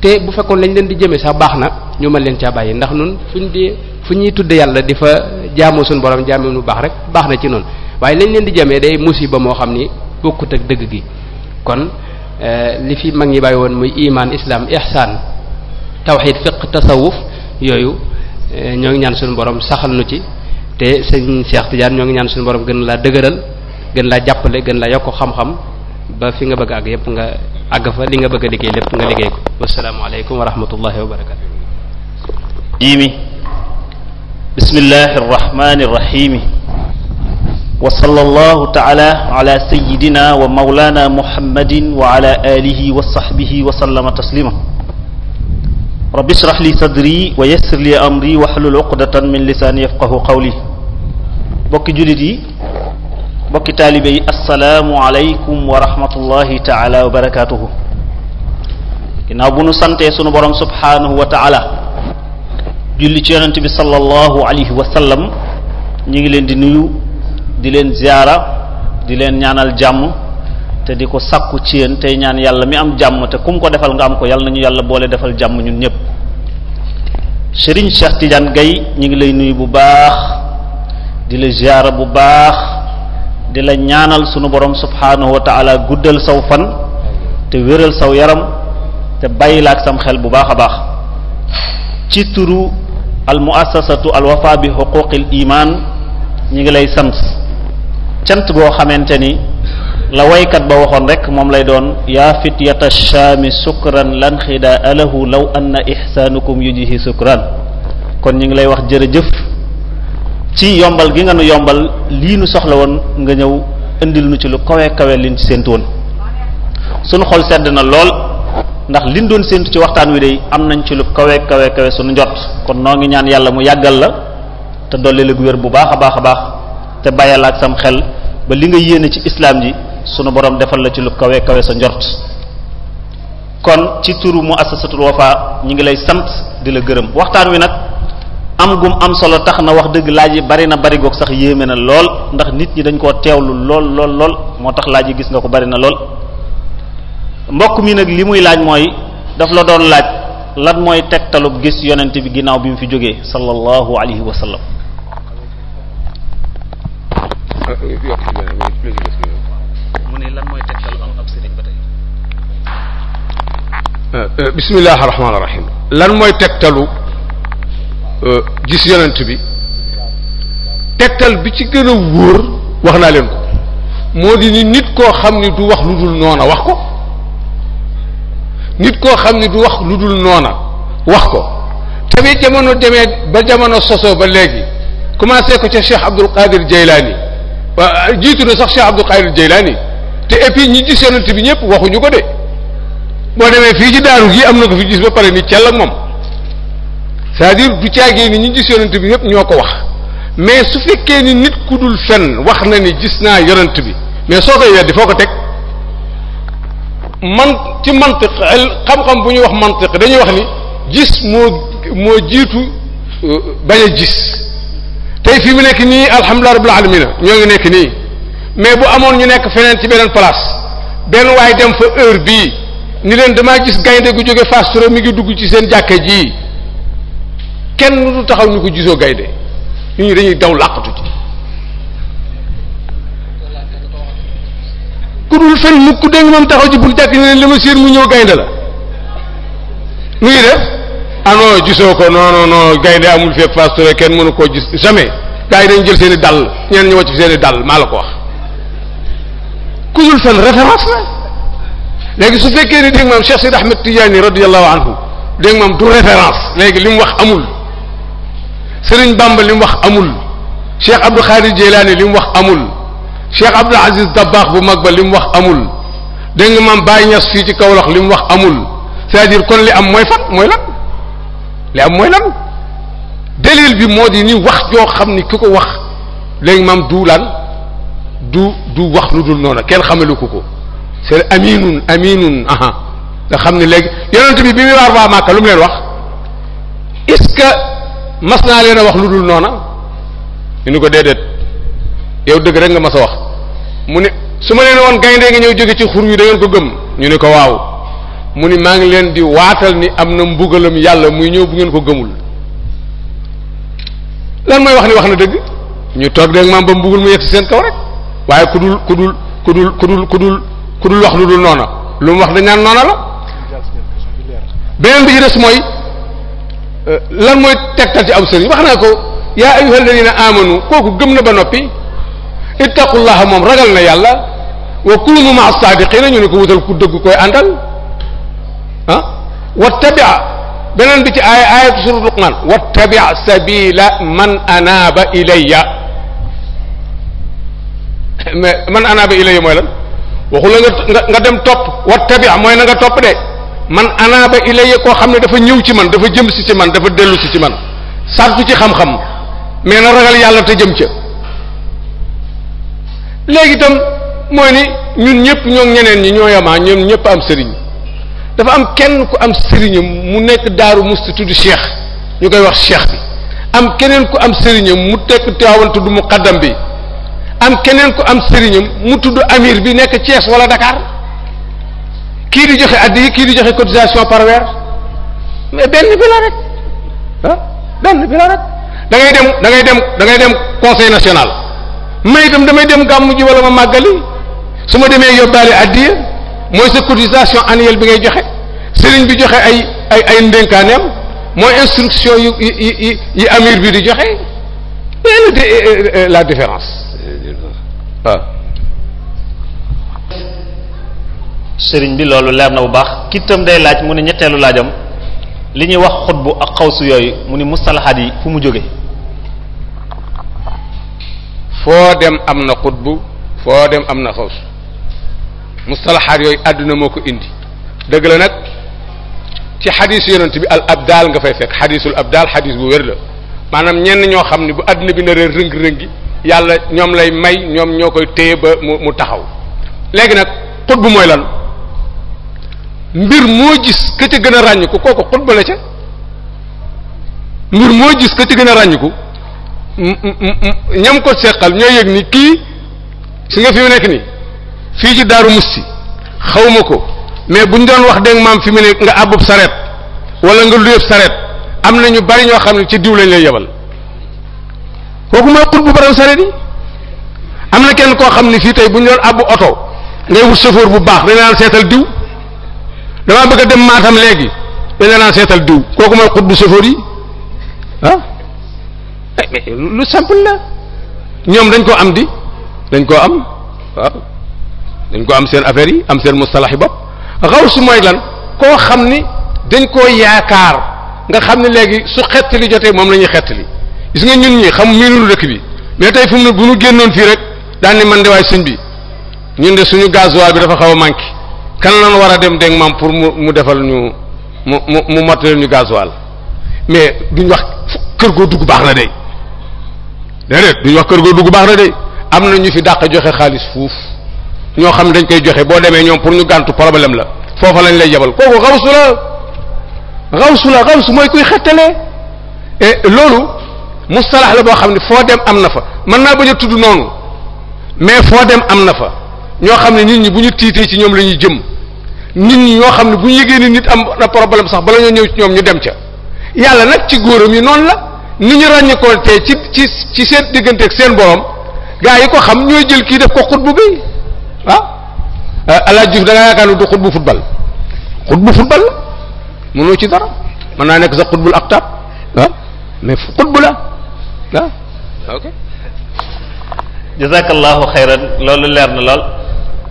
te bu fekkoon lañ leen di jëmee sax baax na ñu mën leen caa bàyyi ndax nun fuñ di fu ñuy tudd yàlla di fa jaamoo suñu borom jaamoo nu baax rek baax na ci noonu waaye lañ leen di jamee day musiba moo xam ni bokkut ak dëgg gi kon eh, li fi mag ñi bàyyi woon muy iman islam ihsaan tawxid fiq tasawuf yooyu eh, ñoo ngi ñaan suñu borom saxal nu ci te sëñ Cheikh Tidiane ñoo ngi ñaan suñu borom gën laa dëgëral gën laa jàppale gën laa yokk xam-xam ba fi nga bëgg àgg yépp nga àgg fa li nga bëgg a liggéey lépp nga liggéey ko wasalaamualeykum wa rahmatullahi wa barakatu imi bismillahi rahmani rahimi وصلى الله تعالى على سيدنا ومولانا محمد وعلى آله وصحبه وسلم تسليما رب اشرح لي صدري ويسر لي أمري واحلل عقدة من لساني يفقه قولي بك جلدي بك طالبي السلام عليكم ورحمة الله تعالى وبركاته ginnaaw bu nu santee sunu borom subhanahu wa taala julli ci yonent bi sallallahu alayhi wa sallam ñu ngi leen di nuyu di leen ziyaara di leen ñaanal jàmm te di ko sakku ci yéen tey ñaan yàlla mi am jàmm te kum ko defal nga am ko yàlla ñu yàlla boole defal jàmm ñun ñëpp Serigne Cheikh Tidiane gay ñu ngi lay nuyu bu baax di la ziyaara bu baax di la ñaanal sunu borom subhaanahu wa taala guddal saw fan te wéral saw yaram te bàyyi la ak sam xel bu baax a baax ci turu al muassasatu al wafa bi xuquqil iman ñi ngi lay sant cant goo xamante ni la waykat ba waxoon rek moom lay doon yaa fityata shaami sukran lan xidaa lahu law anna ihsaanukum yujihi sukran kon ñu ngi lay wax jërëjëf ci yombal gi nga nu yombal lii nu soxla woon nga ñëw indi nu ci lu kawe kawe liñ ci séentu woon sunu xol sedd na lool ndax liñ doon séentu ci waxtaan wi day am nañ ci lu kawe kawe kawe sunu njot kon noo ngi ñaan yàlla mu yàggal la te dolli la wér bu baax a baax a baax te bàyyal ak sam xel ba li nga yéene ci islaam ji sunu borom defal la ci lu kawe kawe sa njort kon ci turu mu assasatul wafa ñu ngi lay sant di la gërëm waxtaan wi nag am gum am solo tax na wax dëgg laaj yi bari na bari goog sax yéeme na lool ndax nit ñi dañ koo teewlu lool lool lool moo tax laaj yi gis nga ko bari na lool mbokk mi nag li muy laaj mooy dafa la doon laaj lan mooy tegtalub gis yonent bi ginnaaw bi mu fi jógee sallallahu alayhi wa sallam yokk ci beneen lan mooy tegtal am lan mooy tegtalu euh, gis bi tegtal bi ci gën a wóor wax naa leen ko moo di ni nit koo xam ni du wax lu dul noona wax ko nit koo xam ni du wax lu dul noona wax ko tamit jamono demee ba jamono sosoo ba léegi commencé ko ca Cheikh Abdul Qadir Jeylaani waaw jiitu na sax Cheikh Abdou Khadir Jeylaani te et puis ñi gis yonent bi ñëpp waxuñu ko de boo demee fii ci daaru gii am na ko fi gis ba pare ni cell ak moom c'est-à-dire du caagee ni ñi gis yonent bi ñëpp ñoo ko wax mais su fekkee ni nit ku dul fenn wax na ni gis naa yonent bi mais soo koy weddi foo ko teg man ci mantiq xam-xam bu ñuy wax mantiq dañuy wax ni gis moo moo jiitu euh, bañ a gis tey fii mu nekk nii alhamdulilah rabbil alamina ñoo ngi nekk nii mais bu amoon ñu nekk feneen ci beneen place benn waaye dem fa heure bii ni leen damaa gis gaynde gu jóge Fass Touré mi ngi dugg ci seen jàkke ji kenn du taxaw ñu ko gisoo gaynde ñu ñu dañuy daw làqatu ci ku dul fen mukk dégg moom taxaw ci buñ jàkk ni leen li ma séen mu ñëw gaynde la muy def anoo ah gisoo ko non non non gaynde amul fépp Fass Touré kenn mënu koo gis jamais gars yi dañ jël seen i dàll ñenn ñi wàcc seen i dàll maa la ko wax ku dul fen référence la léegi su fekkee ni dégg nga maam Cheikh Sidi Ahmed Tidiane radiyallahu anhu dégg nga maam du référence léegi li mu wax amul Serigne Bamba li mu wax amul Cheikh Abdou Khadir Jeylaani li wax amul Cheikh Abdou Aziz Dabakh bu mag ba li mu wax amul dégg nga maam Baye Niass fii ci Kaolack li mu wax amul c'est-à-dire kon li am mooy fan mooy lan li am mooy lan dalil bi moo di ni wax joo xam ni ki ko wax léegi maam du lan du du wax lu dul noonu kenn xamalu ko ko c'est aminun nga xam ne léegi yonent bi bi muy waar waa lu mu leen wax est que mas naa leen a wax lu dul noona ñu ni ko déedéet yow dëgg rek nga mas a wax mu ne su ma leen woon gaynde nga ñëw jóge ci xur yi da ngeen ko gëm ñu ne ko waaw mu ni maa ngi leen di waatal ni am na mbugalam yàlla muy ñëw bu ngeen ko gëmul lan mooy wax ni wax na dëgg ñu toog dégg maam ba mbugul mu yegg si seen kaw rek waaye ku dul ku dul ku dul ku dul ku dul ku dul wax wax dañ naan noona la beneen bi ci mooy euh, lan mooy tegtal ci aw sëriñ wax naa ko yaa ayyuhal ladina amanu kooku na ba noppi ittaqullaha moom ragal na yàlla wa kunu ma as-saadiqina ñu ne ko wutal ku dëgg koy àndal ah wattabia beneen bi ci aaya aayatu surat luqman wattabia sabila man anaaba ilayya mais man anaaba ilayya mooy lan waxu la nga nga dem topp wattabia mooy na nga topp de man anaaba ilayya koo xam ne dafa ñëw ci man dafa jëm si ci man dafa dellu si ci man sartu ci xam-xam mais na ragal yàlla te jëm ca léegi itam mooy ni ñun ñëpp ñoo ñeneen ñi ñoo yamaa ñoom ñëpp am sëriñ dafa am kenn ku am sëriñam mu nekk daaru musti tudd cheikh ñu koy wax cheikh bi am keneen ku am sëriñam mu tekk Tiwaawan tudd muqaddam bi am keneen ku am sëriñam mu tudd amir bi nekk Thiès wala Dakar kii di joxe addi yi kii di joxe cotisation par weer mais benn bi la rek ah da ngay dem da ngay dem da ngay dem conseil national may itam damay dem gàmmu ji wala ma màggali su ma demee yóbbaale addiya mooy sa cotisation bi ngay joxe sëriñ bi joxe ay ay ay ndénkaaneem mooy instruction yu yi yi yi amir bi di joxe euh, euh, euh, la différence waaw. Ah. sëriñ bi loolu leer na bu baax ki day laaj mu ne ñetteelu laajam li ñuy wax xutbu ak xawsu yooyu mu ni mustalaxaat yi fu mu jóge foo dem am na xutbu foo dem am na xawsu mustalaxaat yooyu àdduna moo ko indi dëgg la nag ci xadis yonent bi al daal nga fay fekk ab abdal xadis bu wér la maanaam ñenn ñoo xam ne bu àdduna bi na rër rëng-rëngi yàlla ñoom lay may ñoom ñoo koy téye ba mu mu taxaw léegi nag bu mooy lan mbir moo gis ka ca gën a ràññiku kooku xutba la ca mbir moo gis ka ca gën a ràññiku ñam ko seqal ñoo yëg ni kii si nga fi mu nekk nii fii ci Daaru Musti xawuma ko mais bu ñu doon wax dégg maam fi mu ne nga àbbub sareet wala nga luyëb sareet am na ñu bari ñoo xam ne ci diw lañ lay yebal kooku mooy xut bu borom sareet yi am na kenn koo xam ne fii tey buñ doon àbbu oto ngay wut chauffeur bu baax dañ naan seetal diw damaa bëgg a dem maatam léegi dañ naan seetal diw kooku mooy xut bu chauffeur yi ah lu simple la ñoom dañ koo am di dañ koo am dañ ko am seen affaire yi am seen mustalax yi bopp su mooy lan koo xam ni dañ koo yaakaar nga xam ne léegi su xettali jotee moom la ñuy xettali gis nga ñun ñi xam miinul dëkk bi mais tey fu mu ne bu ñu génnoon fii rek daan man de waaye suñ bi ñun de suñu gasoil bi dafa xaw a manqué kan lañ war a dem dégg maam pour mu mu defal ñu mu mu mu mottali ñu gasoil mais duñ wax kër goo dugg baax na de déedéet duñ wax kër goo dugg baax na de am na ñu fi dàq joxe xaalis fuuf. ñoo xam ne dañ koy joxe boo demee ñoom pour ñu gàntu problème la foofa lañ lay yebal kooku xawsu la xawsu la xawsu mooy kuy xettale et loolu mustalax la boo xam ne foo dem am na fa mën naa bañ a tudd noonu mais foo dem am na fa ñoo xam ne nit ñi bu ñu tiitee ci ñoom la ñuy jëm nit ñi ñoo xam ne bu ñu yëgee nit am na problème sax bala ñoo ñëw ci ñoom ñu dem ca yàlla nag ci góoram yi noonu la ni ñu ràññikoon tey ci ci ci seen digganteeg seen borom gaa yi ko xam ñooy jël kii def ko bu bay ah El eh, Hadj Diouf da ngaa yaakaar ne du xutbu football xutbu football ci dara mën naa nekk sa xutbul aktab ah mais xutbu la ah ok. jazakallahu xayran loolu leer na lool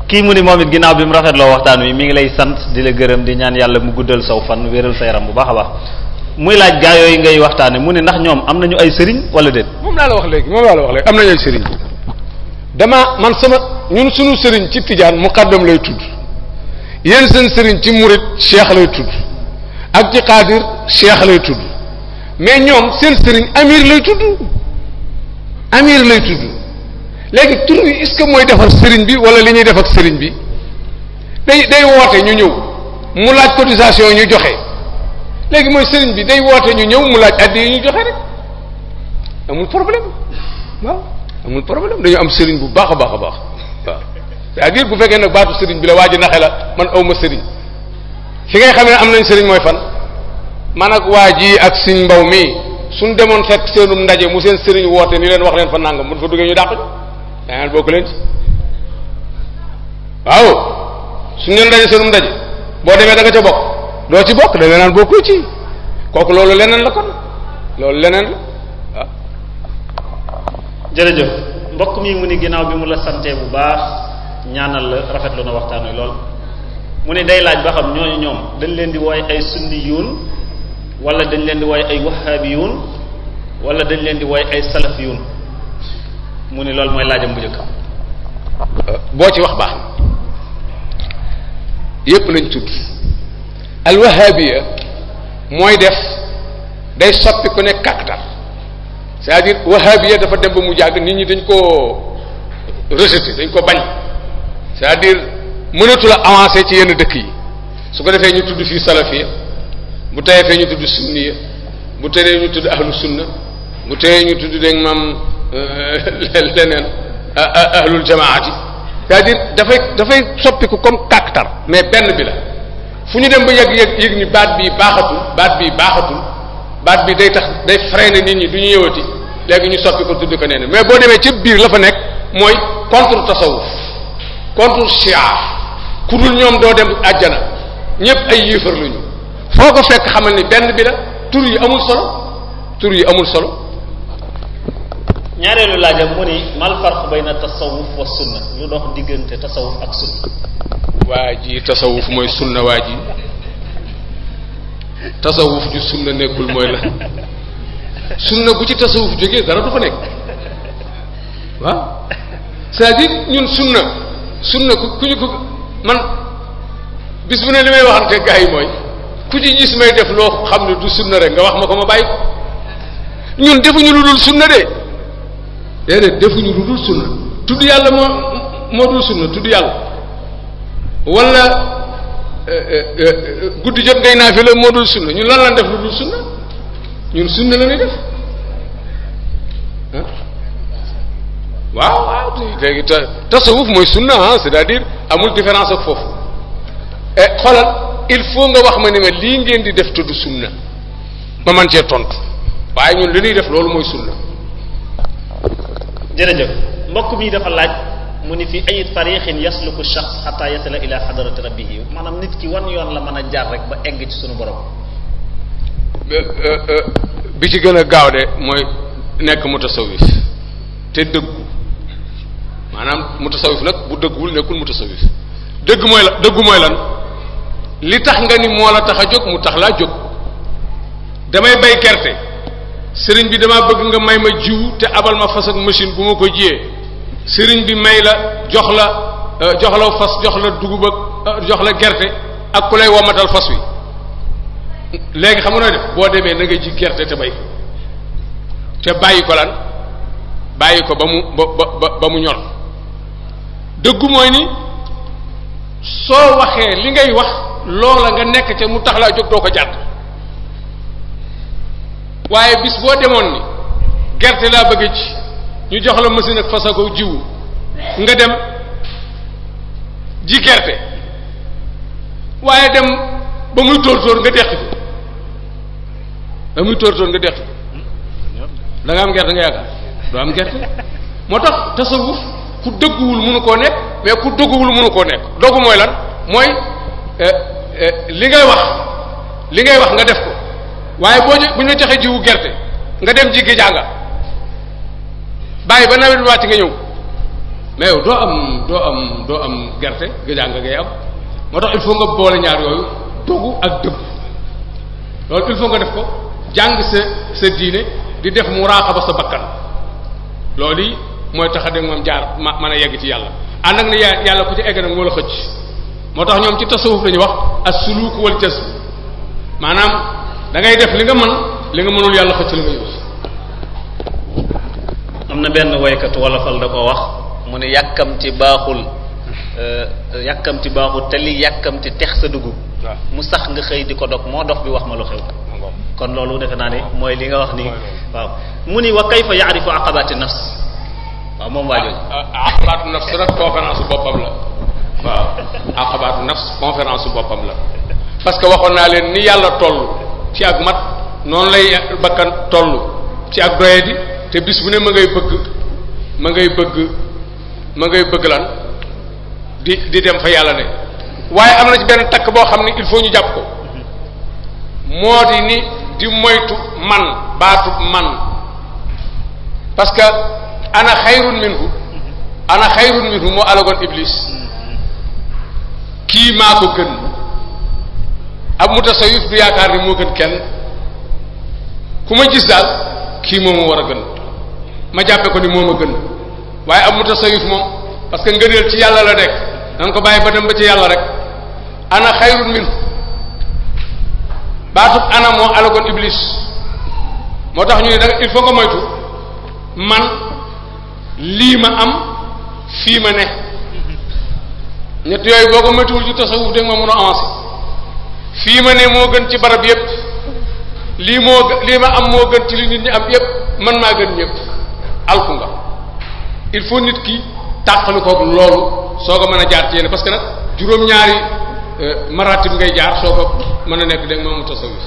kii mu ni moom it ginnaaw bi mu rafetloo waxtaan wi mi ngi lay sant di la gërëm di ñaan yàlla mu guddal saw fan wéral sa yaram bu baax a baax muy laaj gaa yooyu ngay waxtaane mu ne ndax ñoom am nañu ay sëriñ wala déet. moom laa la wax léegi moom laa la wax léegi am nañu ay sëriñ. dama man sama ñun suñu sëriñ ci tijaan muqaddam lay tudd yéen seen sëriñ ci murit cheikh lay tudd ak ci xaadir cheikh lay tudd mais ñoom seen sëriñ amir lay tudd amir lay tudd léegi tur bi est que mooy defar sëriñ bi wala li ñuy def ak sëriñ bi day day woote ñu ñëw mu laaj cotisation ñu joxe léegi mooy sëriñ bi day woote ñu ñëw mu laaj addi yi ñu joxe rek amul problème amul problème dañu am sëriñ bu baax baax a baax waaw bu fekkee nag baatu sëriñ bi la waa ji naxe la man awma sëriñ fi ngay xamee am nañ sëriñ mooy fan man ak waa ji ak sëriñ mbaw mi suñ demoon fekk seenum ndaje mu seen sëriñ woote ni leen wax leen fa nangam mun fa duggee ñu dàq daanaan bokk leen ci waaw suñ leen ndaje seenum ndaje boo demee danga ca bokk doo ci bokk da nga naan bokkul ci kooku loolu leneen la kon loolu leneen jërëjëf mbokk mi mu ni ginnaaw bi mu la sante bu baax ñaanal la rafet lu na waxtaan wi lool mu ne day laaj ba xam ñooñu ñoom dañ leen di wooy ay sunniyuun wala dañ leen di wooy ay wahabiyuun wala dañ leen di woy ay salafiyuun mu ni lool mooy laajam bu njëkk boo ci wax baax yépp lañ tudd al wahabiya mooy def day soppi ku nekk kàktar c'est-à-dire wahabiya dafa dem ba mu jàgg nit ñi dañ koo rejeté dañ ko bañ c'est-à-dire a avancer ci yenn dëkk yi su ko defee ñu tudd fii salafiya bu teyee fee ñu tudd sunniya bu teyee ñu tudd ahlu sunna bu teyee ñu tudd dégg maam euh, leneen ahlul jamaati c'est-à-dire dafay dafay soppiku comme kàktar mais benn bi la fu ñu dem ba yëg yëg yëg ni baat bi baaxatul baat bii baaxatul baat bi day tax day freiné nit ñi du ñu yëwati léegi ñu soppi ko tudd ko nee mais boo demee ci biir la fa nekk mooy contre tasawuf contre shiar ku dul ñoom doo dem àjjana ñépp ay yéefar foo ko fekk xamal ni benn bi la tur yi amul solo tur yi amul solo ñaareelu laajam mu ni mal farq bayna tasawuf wa sunna ñu dox diggante tasawuf ak sunna waa ji tasawuf mooy sunna waa ji tasawuf ju sunna nekkul mooy la sunna bu ci tasawuf jógee dara du ko nekk waaw c'est-à-dire ñun sunna sunna ku ku ñu ko man bis bu ne li may waxante gars yi mooy ku ci gis may def loo xam ne du sunna rek nga wax ma ko ma bàyyi ko ñun defuñu lu dul sunna de déedéet defuñu lu dul sunna tudd yàlla moo moo dul sunna tudd yàlla wala euh, euh, euh, guddi jot ngay naa fi la moo dul sunna ñun lan lan def lu dul sunna ñun sunna la def waaw waaw léegi te tasawuf mooy sunna ah c'est-à-dire amul différence ak foofu e xoolal il faut nga wax ma ni ma lii ngeen di def tudd sunna ma man cee tontu waaye ñun li ñuy def loolu mooy sunna jërëjëf mbokk mi dafa laaj mu ni fi ay tariixin yasluku shaxs xataa yasila ila xadarati rabbihi maanaam nit ki wan yoon la mën a jaar rek ba egg ci sunu borom Eh, eh, bi ci gën a gaaw de mooy nekk mutasawif te dëggu maanaam mutasawif nag bu dëgguwul nekkul mutasawif dëgg mooy la dëggu mooy lan li tax nga ni moo la tax a jóg mu tax laa jóg damay bay gerte sëriñ bi dama bëgg nga may ma jiw te abal ma fas ak machine bu ma ko jiyee sëriñ bi may la jox la eh, jox la fas jox la dugub ak jox la gerte ak ku lay womatal fas wi léegi xam nga nooy def boo demee na nga ji gerte te bay ko te bàyyi ko lan bàyyi ko ba mu ba ba ba mu ñor dëggu mooy ni soo waxee li ngay wax loola nga nekk te mu tax laa jóg doo ko jàdd waaye bis boo demoon ni gerte laa bëgg ci ñu jox la machine ak fasago jiwu nga dem ji gerte waaye dem ba muy tóor tóor nga dex ko ba muy tóor tóor nga dett da nga am gerte nga yaakaar doo am gerte moo tax tasawuf ku dëgguwul mënu koo nekk mais ku dëgguwul mënu koo nekk ko mooy lan mooy eh, eh, li ngay wax li ngay wax nga def ko waaye boo bu ñu la joxee jiwu gerte nga dem ji gi jànga bàyyi ba nawet bi wàcc nga ñëw mais doo am doo am doo am gerte gi jànga ngay am moo tax il faut nga boole ñaar yooyu dogu ak dëgg loolu il faut nga def ko jàng sa sa diine di def muraqaba sa bakkan loolu yi mooy tax a dem moom jaar ma mën a yegg ci yàlla ànd ak ne yàlla ku ci egg nag moo la xëcc moo tax ñoom ci tasawuf lañu wax ak suluk wal jazb maanaam dangay def li nga mën li nga mënul yàlla xëcc la nga yóbbu. am na benn woykat wolofal da ko wax mu ne yàkkamti baaxul euh, euh, yàkkamti baaxul te li yàkkamti tex sa dugub. mu sax nga xëy di ko dog moo dox bi wax ma lu xew. kon loolu defe naa ne mooy li nga wax ni waaw mu ni wa kayfa ya'rifu aqabati nafs waaw moom waa jooju ah, ah, aqabatu nafs rek conférence boppam la waaw aqabatu nafs conférence boppam la parce que waxoon naa leen ni yàlla toll ci ak mat noonu lay bakkan toll ci ak doyadi te bis bu ne ma ngay bëgg ma ngay bëgg ma ngay bëgg lan di di dem fa yàlla ne waaye am na ci benn takk boo xam ne il faut ñu jàpp ko moo di ni di moytu man baatu man parce que ana xayrun minhu ana xayrun minhu moo alagoon iblis kii maa ko gën ab mutasawif du yaakaar ni moo gën kenn ku ma gis daal kii moom moo war a gën ma jàppe ko ni moom a gën waaye ab mutasawif moom parce que ngëneel ci yàlla la nekk na nga ko bàyyi ba dem ba ci yàlla rek ana xayrun minhu baatub ana moo alagoon iblis moo tax ñu ne da nga il faut nga moytu man lii ma am fii ma ne ñett yooyu boo ko moytuwul ci tasawuf da ma mën a avancer fii ma ne moo gën ci barab yépp lii moo lii ma am moo gën ci li nit ñi am yépp man maa gën yépp alku nga il faut nit ki tàqali koog loolu soo ko mën a jaar ci yéen parce que nag juróom-ñaari Euh, maratib ngay jaar soo ko mën a nekk dégg nga moomu tasawuf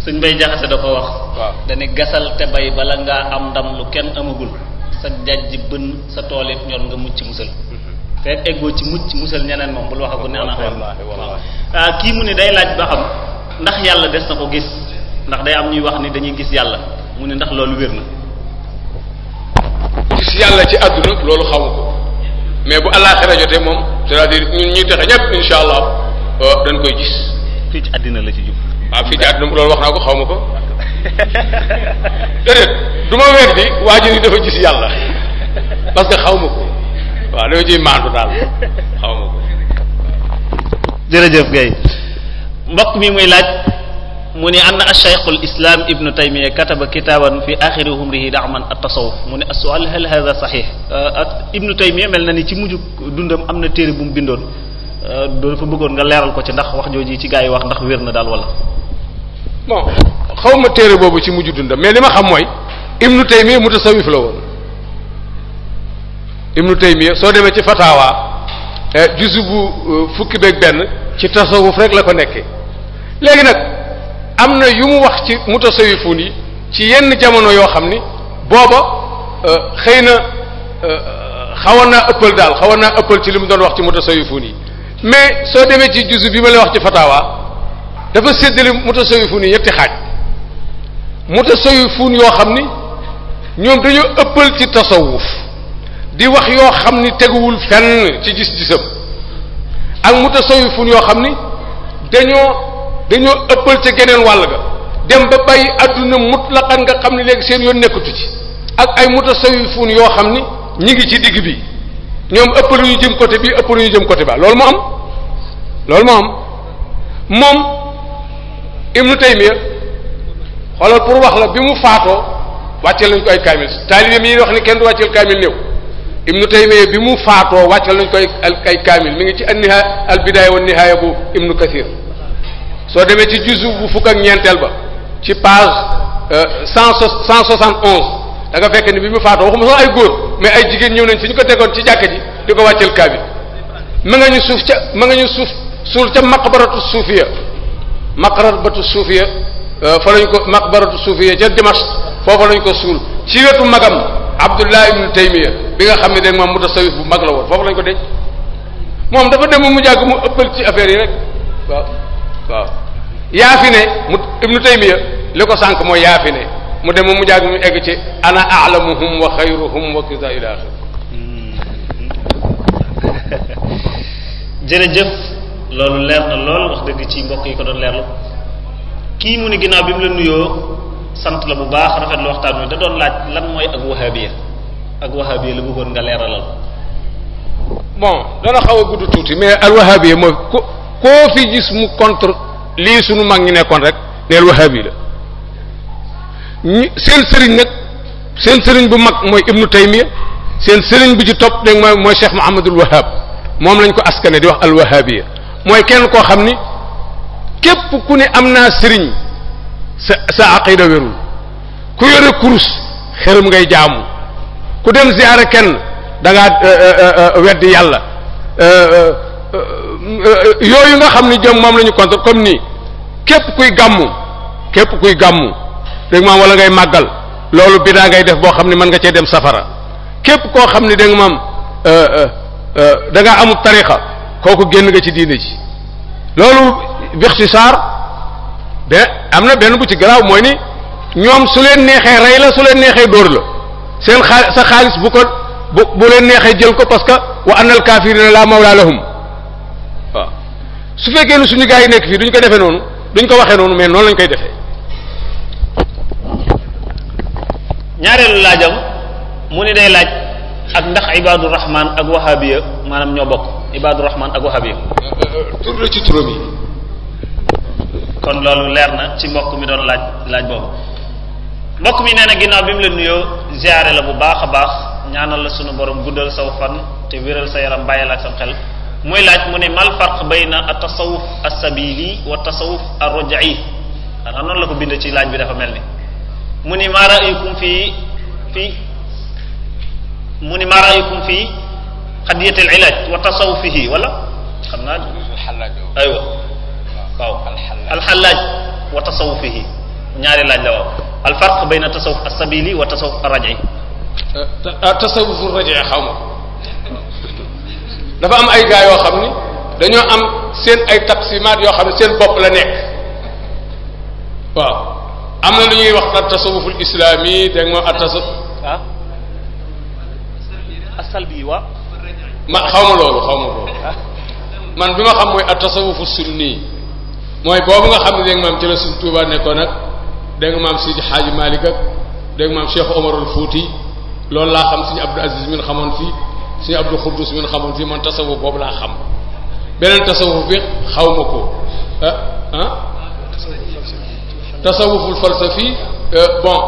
suñ bay jaxase da ko wax waaw gasal te bay bala ngaa am ndam lu kenn amagul sa jajj bën sa tool it ñor nga mucc musal mhm. fekk eggoo ci mucc musal ñeneen moom bul waxagul neex na xel waaw ah, kii mu ne day laaj ba xam ndax yàlla des na ko gis ndax day am ñuy wax ni dañuy gis yàlla mu ne ndax loolu wér na gis yàlla ci àdduna loolu xamu ko mais bu àllaaxira jotee moom c'est-à-dire ñun ñuy texe ñëpp insha allah euh, dañ koy gis. fii ci àddina la ci jub. waaw ah, fii ci àddina mu loolu wax naa ko xawma ko déedéet du ma weer di waa ji dafa gis yàlla parce que xaw ma ko waaw dama ciy maandu daal xaw ma ko. jërëjëf Guèye mbokk mi muy laaj. mu ne anna ash-shaykh al-islam ibnu taymiya kataba kitaaban fi axiri umrihi da'man at-tasawuf mu ne as-su'al hal hadha sahih euh, ak ibnu taymiya mel na ni ci mujj dundam am na téere bu mu bindoon doo euh, dafa bëggoon nga leeral ko ci ndax wax jooju ci gaa yi wax ndax wér na daal wala bon xaw ma téere boobu ci mujj dundam mais li ma xam mooy ibnu taymiya mutasawif la woon ibnu taymiya soo demee ci fatawa euh, juzu bu fukki beeg benn ci tasawuf rek la ko nekkee léegi am na yu mu wax ci mutasawifun yi ci yenn jamono yoo xam ni booba euh, xëy na euh, xawoon naa ëppal daal xawoon naa ëppal ci li mu doon wax ci mutasawifun yi mais soo demee ci juzu bi ma lay wax ci fatawa dafa séddale mutasawifun yi ñetti xaaj mutasawifun yoo xam ni ñoom dañoo ëppal ci tasawuf di wax yoo xam ni teguwul fenn ci gis-gisam ak mutasawifun yoo xam ni dañoo dañoo ëppal ca geneen wàll ga dem ba bàyyi àdduna mutlaqan nga xam ne léegi seen yoon nekkatu ci ak ay mutasawifuun yoo xam ni ñi ngi ci digg bi ñoom ëppalu ñu jëm côté bi ëppalu ñu jëm côté ba loolu moo am loolu moo am moom ibnu taymiya xoolal pour wax la bi mu faatoo wàcceel nañ ko ay kaamil taalibeem yi wax ni kenn du wàcceel kaamil néew ibnu taymiya bi mu faatoo wàcceel nañ ko ay kaamil mi ngi ci anniha al bidaaya wa nihaaya bu ibnu kathir soo demee ci juzu bu fukk ak ñeenteel ba ci page euh, cent cent soixante onze da nga fekk ni bi mu faatoo waxuma sax ay góor mais ay jigéen ñëw nañ fi ñu ko tegoon ci jàkka ji di ko wàcceel kaabit ma nga ñu suuf ca ma nga ñu suuf suul ca maqbaratu suufiya maqbaratu suufiya euh, fa lañ ko maqbaratu suufiya ca Dimash foofa lañ ko suul ci wetu magam Abdullah ibnu Taymiya bi nga xam ne dag moom mu mutasawif bu mag la woon foofu lañ ko denc moom dafa dem mu jàgg mu ëppal ci affaire yi rek waaw waaw yaafi ne mu ibnu taymiya li ko sànq mooy yaafi ne mu dem mu jaag mu egg ci ana alamuhum wa xayruhum wa kaza ila axir jërëjëf loolu leer na lool wax dëgg ci mbokk yi ko doon leerlu kii mu ne ginnaaw bi mu la nuyoo sant la bu baax rafet lu waxtaan wi da doon laaj lan mooy ak wahabiya ak wahabiya la bëggoon nga leeralal bon dana xaw a gudd tuuti mais al wahabiya mooy ko koo fi gis mu contre lii suñu mag ñi nekkoon rek neel wahabi la seen sëriñ nag seen sëriñ bu mag mooy ibnu taymiya seen sëriñ bu ci topp dégg mooy mooy cheikh mahamadul wahab moom lañ ko askane di wax al wahabiya mooy kenn koo xam ni képp ku ne am naa sëriñ sa sa aqida wérul ku yore kurus xërëm ngay jaamu ku dem ziyaara kenn da ngaa euh, euh, euh, yàlla Euh, yooyu nga xam ni jëm moom la ñu contre comme nii képp kuy gàmmu képp kuy gàmmu dégg maam walla ngay màggal loolu bidaa ngay def boo xam ne mën nga cee dem safara képp koo xam ni dégg maam euh, euh, da ngaa amul tarixa kooku génn nga ci diine ci loolu bixtisaar be am na benn bu ci garaaw mooy ni ñoom su leen neexee rey la su leen neexee dóor la seen xaal sa xaalis bu ko bu bu leen neexee jël ko parce que wa annal kaafirina la mawla lahum su fekkee ne suñu gars yi nekk fii duñ ko defee noonu duñ ko waxee noonu mais noonu lañ koy defee. ñaareelu laajam mu ni day laaj ak ndax Ibaadu Rahman ak Wahabiya maanaam ñoo bokk Ibaadu Rahman ak Wahabiya. tur la ci turam yi. kon loolu leer na ci mbokk mi doon laaj laaj boobu mbokk mi nee na ginnaaw bi mu la nuyoo ziare la bu baax a baax ñaanal la sunu borom guddal saw fan te wéral sa yaram bàyyil ak sa xel. muy laaj mu ne mal farq bayna at tasawuf as-sabili wa tasawuf ar-raj'i xanaa noonu la ko bind ci laaj bi dafa mel ni mu ni maa ra'aykum fii fii mu ni maa ra'aykum fii xadiyatil ilaaj wa tasawufihi wala xam naa aywa waaw alxallaaj wa tasawufihi ñaari laaj la waaw alfarq bayna tasawuf as-sabili wa tasawuf ar-raj'i euh, ah, tasawuf ar-raj'i xaw ma dafa am ay gaa yoo xam ni dañoo am seen ay taksimaat yoo xam ne seen bopp la nekk waaw am na lu ñuy wax at tasawuful islaam yi dégg nga at tasawuf ah ma xaw ma loolu ah. man bi ma xam mooy at tasawufu sunni mooy boobu nga xam ne dégg nga maam ci la suñ Tuubaa nekkoon nag dégg nga maam Sidi Xaaji Malik ak dégg nga maam Cheikh Omarul Fuuti loolu laa xam suñu Abdou Aziz min xamoon fii suñu Abdou Khoudous min xamoon fii man tasawuf boobu laa xam beneen tasawuf bi xaw ma ko ah ah tasawuful falsafi euh, bon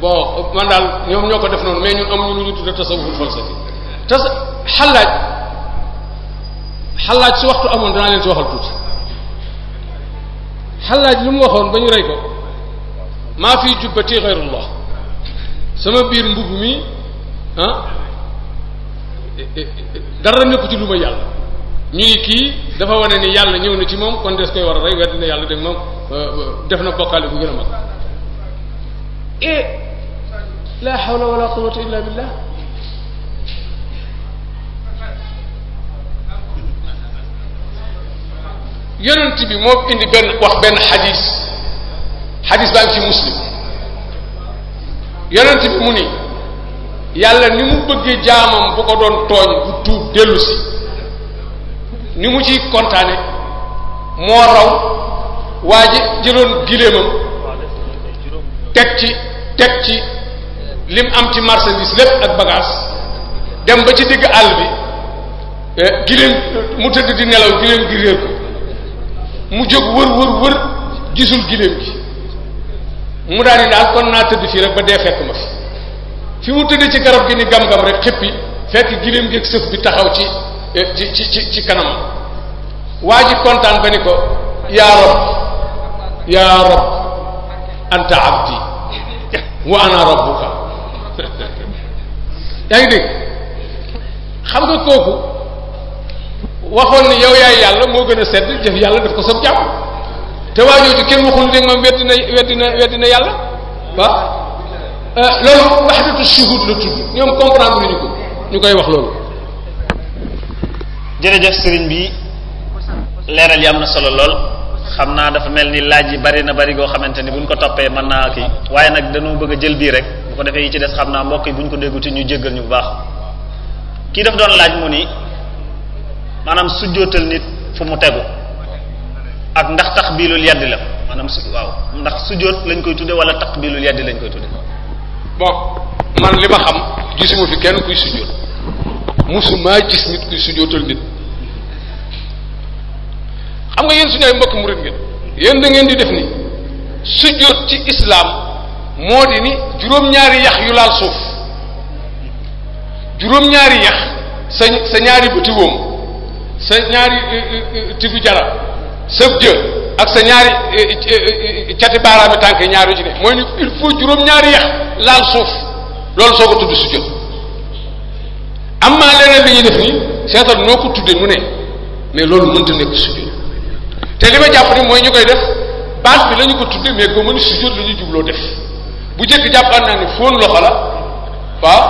bon man daal ñoom ñoo ko def noonu mais ñun amuñu lu ñu tudde tasawuful falsafi tas xalaaj xalaaj su waxtu amoon danaa leen si waxal tuuti xalaaj lu mu waxoon ba ñu rey ko maa fi jubbati xayrullah sama biir mbubb mi ah dara nekku ci lu may yàlla ñu kii dafa wane ni yàlla ñëw na ci moom kon des koy war a na yàlla dégg moom euh, euh, def na bokkaale bu gën a e la hawla wala quwwata illa billah yonent bi moo indi benn wax benn xadis xadis baa ngi ci muslim yonent bi mu ni yàlla ni mu bëggee jaamam bu ko doon tooñ bu tuub dellu ni mu ciy kontaane moo raw waa ji jëloon giléemam teg ci teg ci lim am ci marchandise lépp ak bagage dem ba ci digg àll bi eh, giléem mu tëdd di nelaw giléem gi réer ko mu jóg wër wër wër gisul giléem gi mu daal di daal kon naa tëdd fii rek ba dee fekk ma fi fi mu tëdd ci garab gi ni gam-gam rek xippi fekk giléem gi ak sëf bi taxaw eh, ci ci ci ci kanam waa ji kontaan ba ni ko yaa rab yaa rab anta abdi wa ana rabbuka yaa ngi xam nga kooku waxoon ni yow yàlla moo gën a sedd yàlla def ko sab jàmm te waajooju kenn waxul ne ma na weddi na weddi na yàlla Euh, loolu wahdatu shuhud la tudd ñoom comprendre ñu ni ko ñu koy wax loolu jërëjëf sëriñ bi leeral yi am na solo lool xam naa dafa mel ni laaj yi bari na bari goo xamante ni buñ ko toppee mën naa kii waaye nag dañu bëgg jël bii rek bu ko defee yi ci des xam naa mbokk yi buñ ko dégguti ñu jëggan ñu bu baax kii daf doon laaj mu ni maanaam sujjootal nit fu mu tegu ak ndax tax biilul yaddi la maanaam su waaw ndax sujjoot lañ koy tudde wala tax biilul yaddi lañ koy tudde bon man li ma xam gisuma fi kenn kuy sujjóot musumaa gis nit kuy sujjóotal nit xam nga yéen suñu ay mbokki murid ngeen yéen da ngeen di def ni sujjóot ci islaam moo di ni juróom-ñaari yax yu laal suuf juróom-ñaari yax sa sa ñaari bëti wóom sa ñaari eh, eh, eh, tibu jara sëf jë ak sa ñaari eh, eh, eh, cati baaraami tànk yi ñaar yu ci ne mooy ni il faut juróom-ñaari yax laal suuf loolu soo ko tudd su am naa leneen li ñuy def nii seetal noo ko tuddee mu ne mais loolu mënta nekk te li ma jàpp ni mooy ñu koy def baat bi la ko tuddee mais ko mën su jot la jubloo def bu jëkk jàppoon naa ni fóon loxo la waaw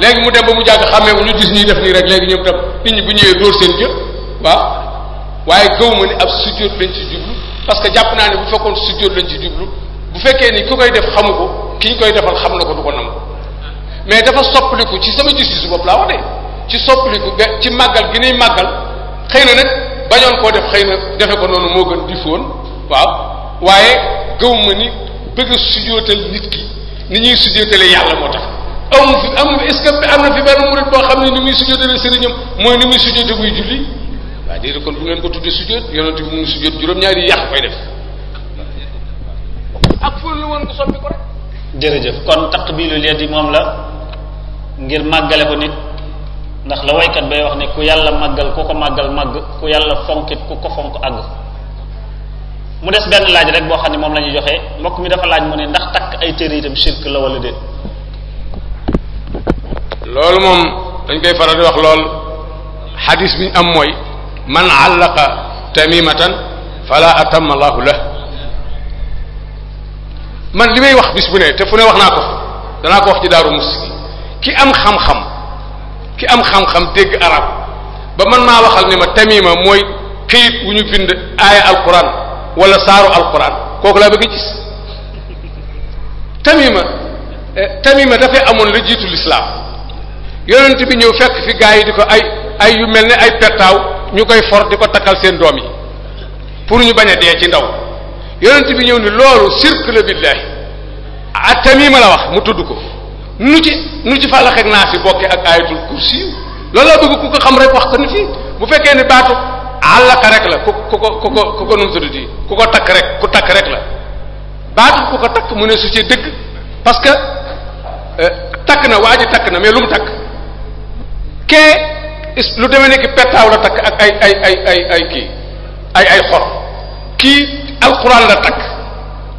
léegi mu dem ba mu jàgg xàmmee bu ñu gis ñuy def nii rek léegi ñoom tam nit ñi bu ñëwee dóor seen jë waa waaye gëw ma ni ab sujjóot lañ ci jublu parce que jàpp naa ne bu fekkoon sujjóot lañ ci jublu bu fekkee ni ku koy def xamu ko ki ñu koy defal xam na ko du ko nangu mais dafa soppaliku ci sama gis-gisu bopp laa wax de ci soppaliku ba ci màggal gi nuy màggal xëy na nag bañoon koo def xëy na defe ko noonu moo gën di foon waaw waaye gëw ma ni bëgg a sujjóotal nit ki ni ñuy sujjóotalee yàlla moo tax amu fi am na fi benn murid boo xam ne ni muy sujjóotalee sëriñam mooy ni muy sujjóote buy waaw déedéet kon bu ngeen ko tuddee sujjóot yonent bi mu ngi sujjóot juróom-ñaari yàq koy def ak fóon la woon ko soppi ko rek. jërëjëf kon moom la ngir màggale ko nit ndax la waykat bay wax ne ku yàlla màggal ku ko màggal màgg ku yàlla fonkit ku ko fonk àgg mu des benn laaj rek boo xam ne moom la ñuy joxe mbokk mi dafa laaj mu ne ndax takk ay téere itam shirk la walla déet. loolu moom dañ koy faral di wax lool xadis bi ñu am mooy. man àllaqa tamimatan fala man li may wax bis bu ne te wax naa ko danaa ko wax ci daaru ki am xam-xam am xam-xam ba man maa waxal ne ma tamima mooy këyit wu ñu bind aaya alquran wala saaru alquran kooku laa ba a gis tamima eh, tamima dafay amoon la jiitu lislaam yonent bi ñëw fekk fi gaa yi di ko ay yu mel ni ay pettaaw ñu koy for di ko takkal seen doom yi pour ñu bañ a dee ci ndaw yonent bi ñëw ni loolu shirk la billahi atamima la wax mu tudd ko nu ci nu ci fàllax naa si yi bokkee ak ayatul kursi loolu laa bëgg ku ko xam rek wax ko ni fii bu fekkee ni baatu àllaka rek la ku ko ku ko ku ko num tudd ku ko takk rek ku takk rek la baatu ku ko takk mu ne su ci dëgg parce que euh, takk na waa ji takk na mais lu mu takk kee lu demee nekk pettaaw la takk ak ay ay ay ay kii ay ay xor kii alquran la takk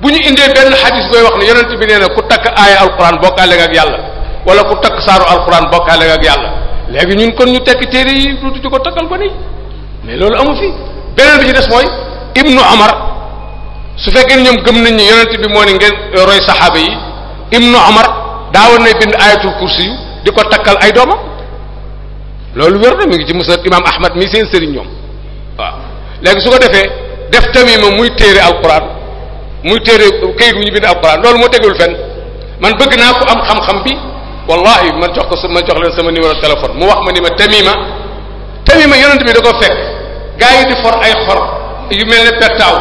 bu ñu indee benn xadis booy wax ne yonent bi nee na ku takk aaya alquran bokkaale nga ak yàlla wala ku takk saaru alquran bokkaale nga ak yàlla léegi ñun kon ñu tekk téere yi lu di ko takkal ko nii mais loolu amu fi beneen bi ci des mooy ibnu omar su fekkee ni ñoom gëm nañ ni yonent bi moo ni ngeen roy saxaaba yi ibnu omar daawoon nay bind ayatul kursi yu di ko takkal ay doomam loolu wér na mi ngi ci musnad imam ahmad mi seen sëriñ ñoom waaw léegi su ko defee def tamima muy téere alquran muy téere këyit wu ñu bind alquran loolu moo tegul fenn man bëgg naa ko am xam-xam bi wallahi man jox ko man jox leen sama numéro téléphone mu wax ma ni ma tamima tamima yonent bi da ko fekk gaa yi di for ay xor yu mel ne pertaaw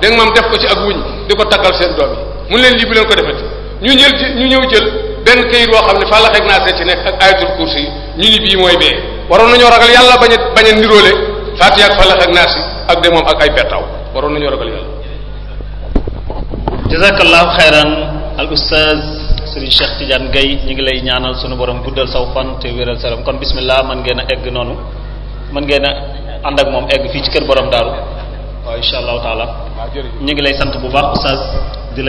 da nga maam def ko ci ak wuñ di ko takkal seen doom yi mun leen lii bu leen ko defet ñu ñël ñu ñëw jël benn këyit boo xam ne fàlla xeeg naa see ci nekk ak ayatul kursi yi ñu ni bii mooy bee waroon nañoo ragal yàlla bañ a bañ a niroole Fatiha ak fàlla xeeg si ak de moom ak ay pettaw waroon nañoo ragal yàlla. jazakallahu xayran al ustaz Serigne Cheikh Tidiane Gueye ñu ngi lay ñaanal sunu borom guddal saw fan te wéral saram kon bismillah mën ngeen a egg noonu mën ngeen a ànd ak moom egg fii ci kër borom daaru waaw incha allahu taala ñu ngi lay sant bu baax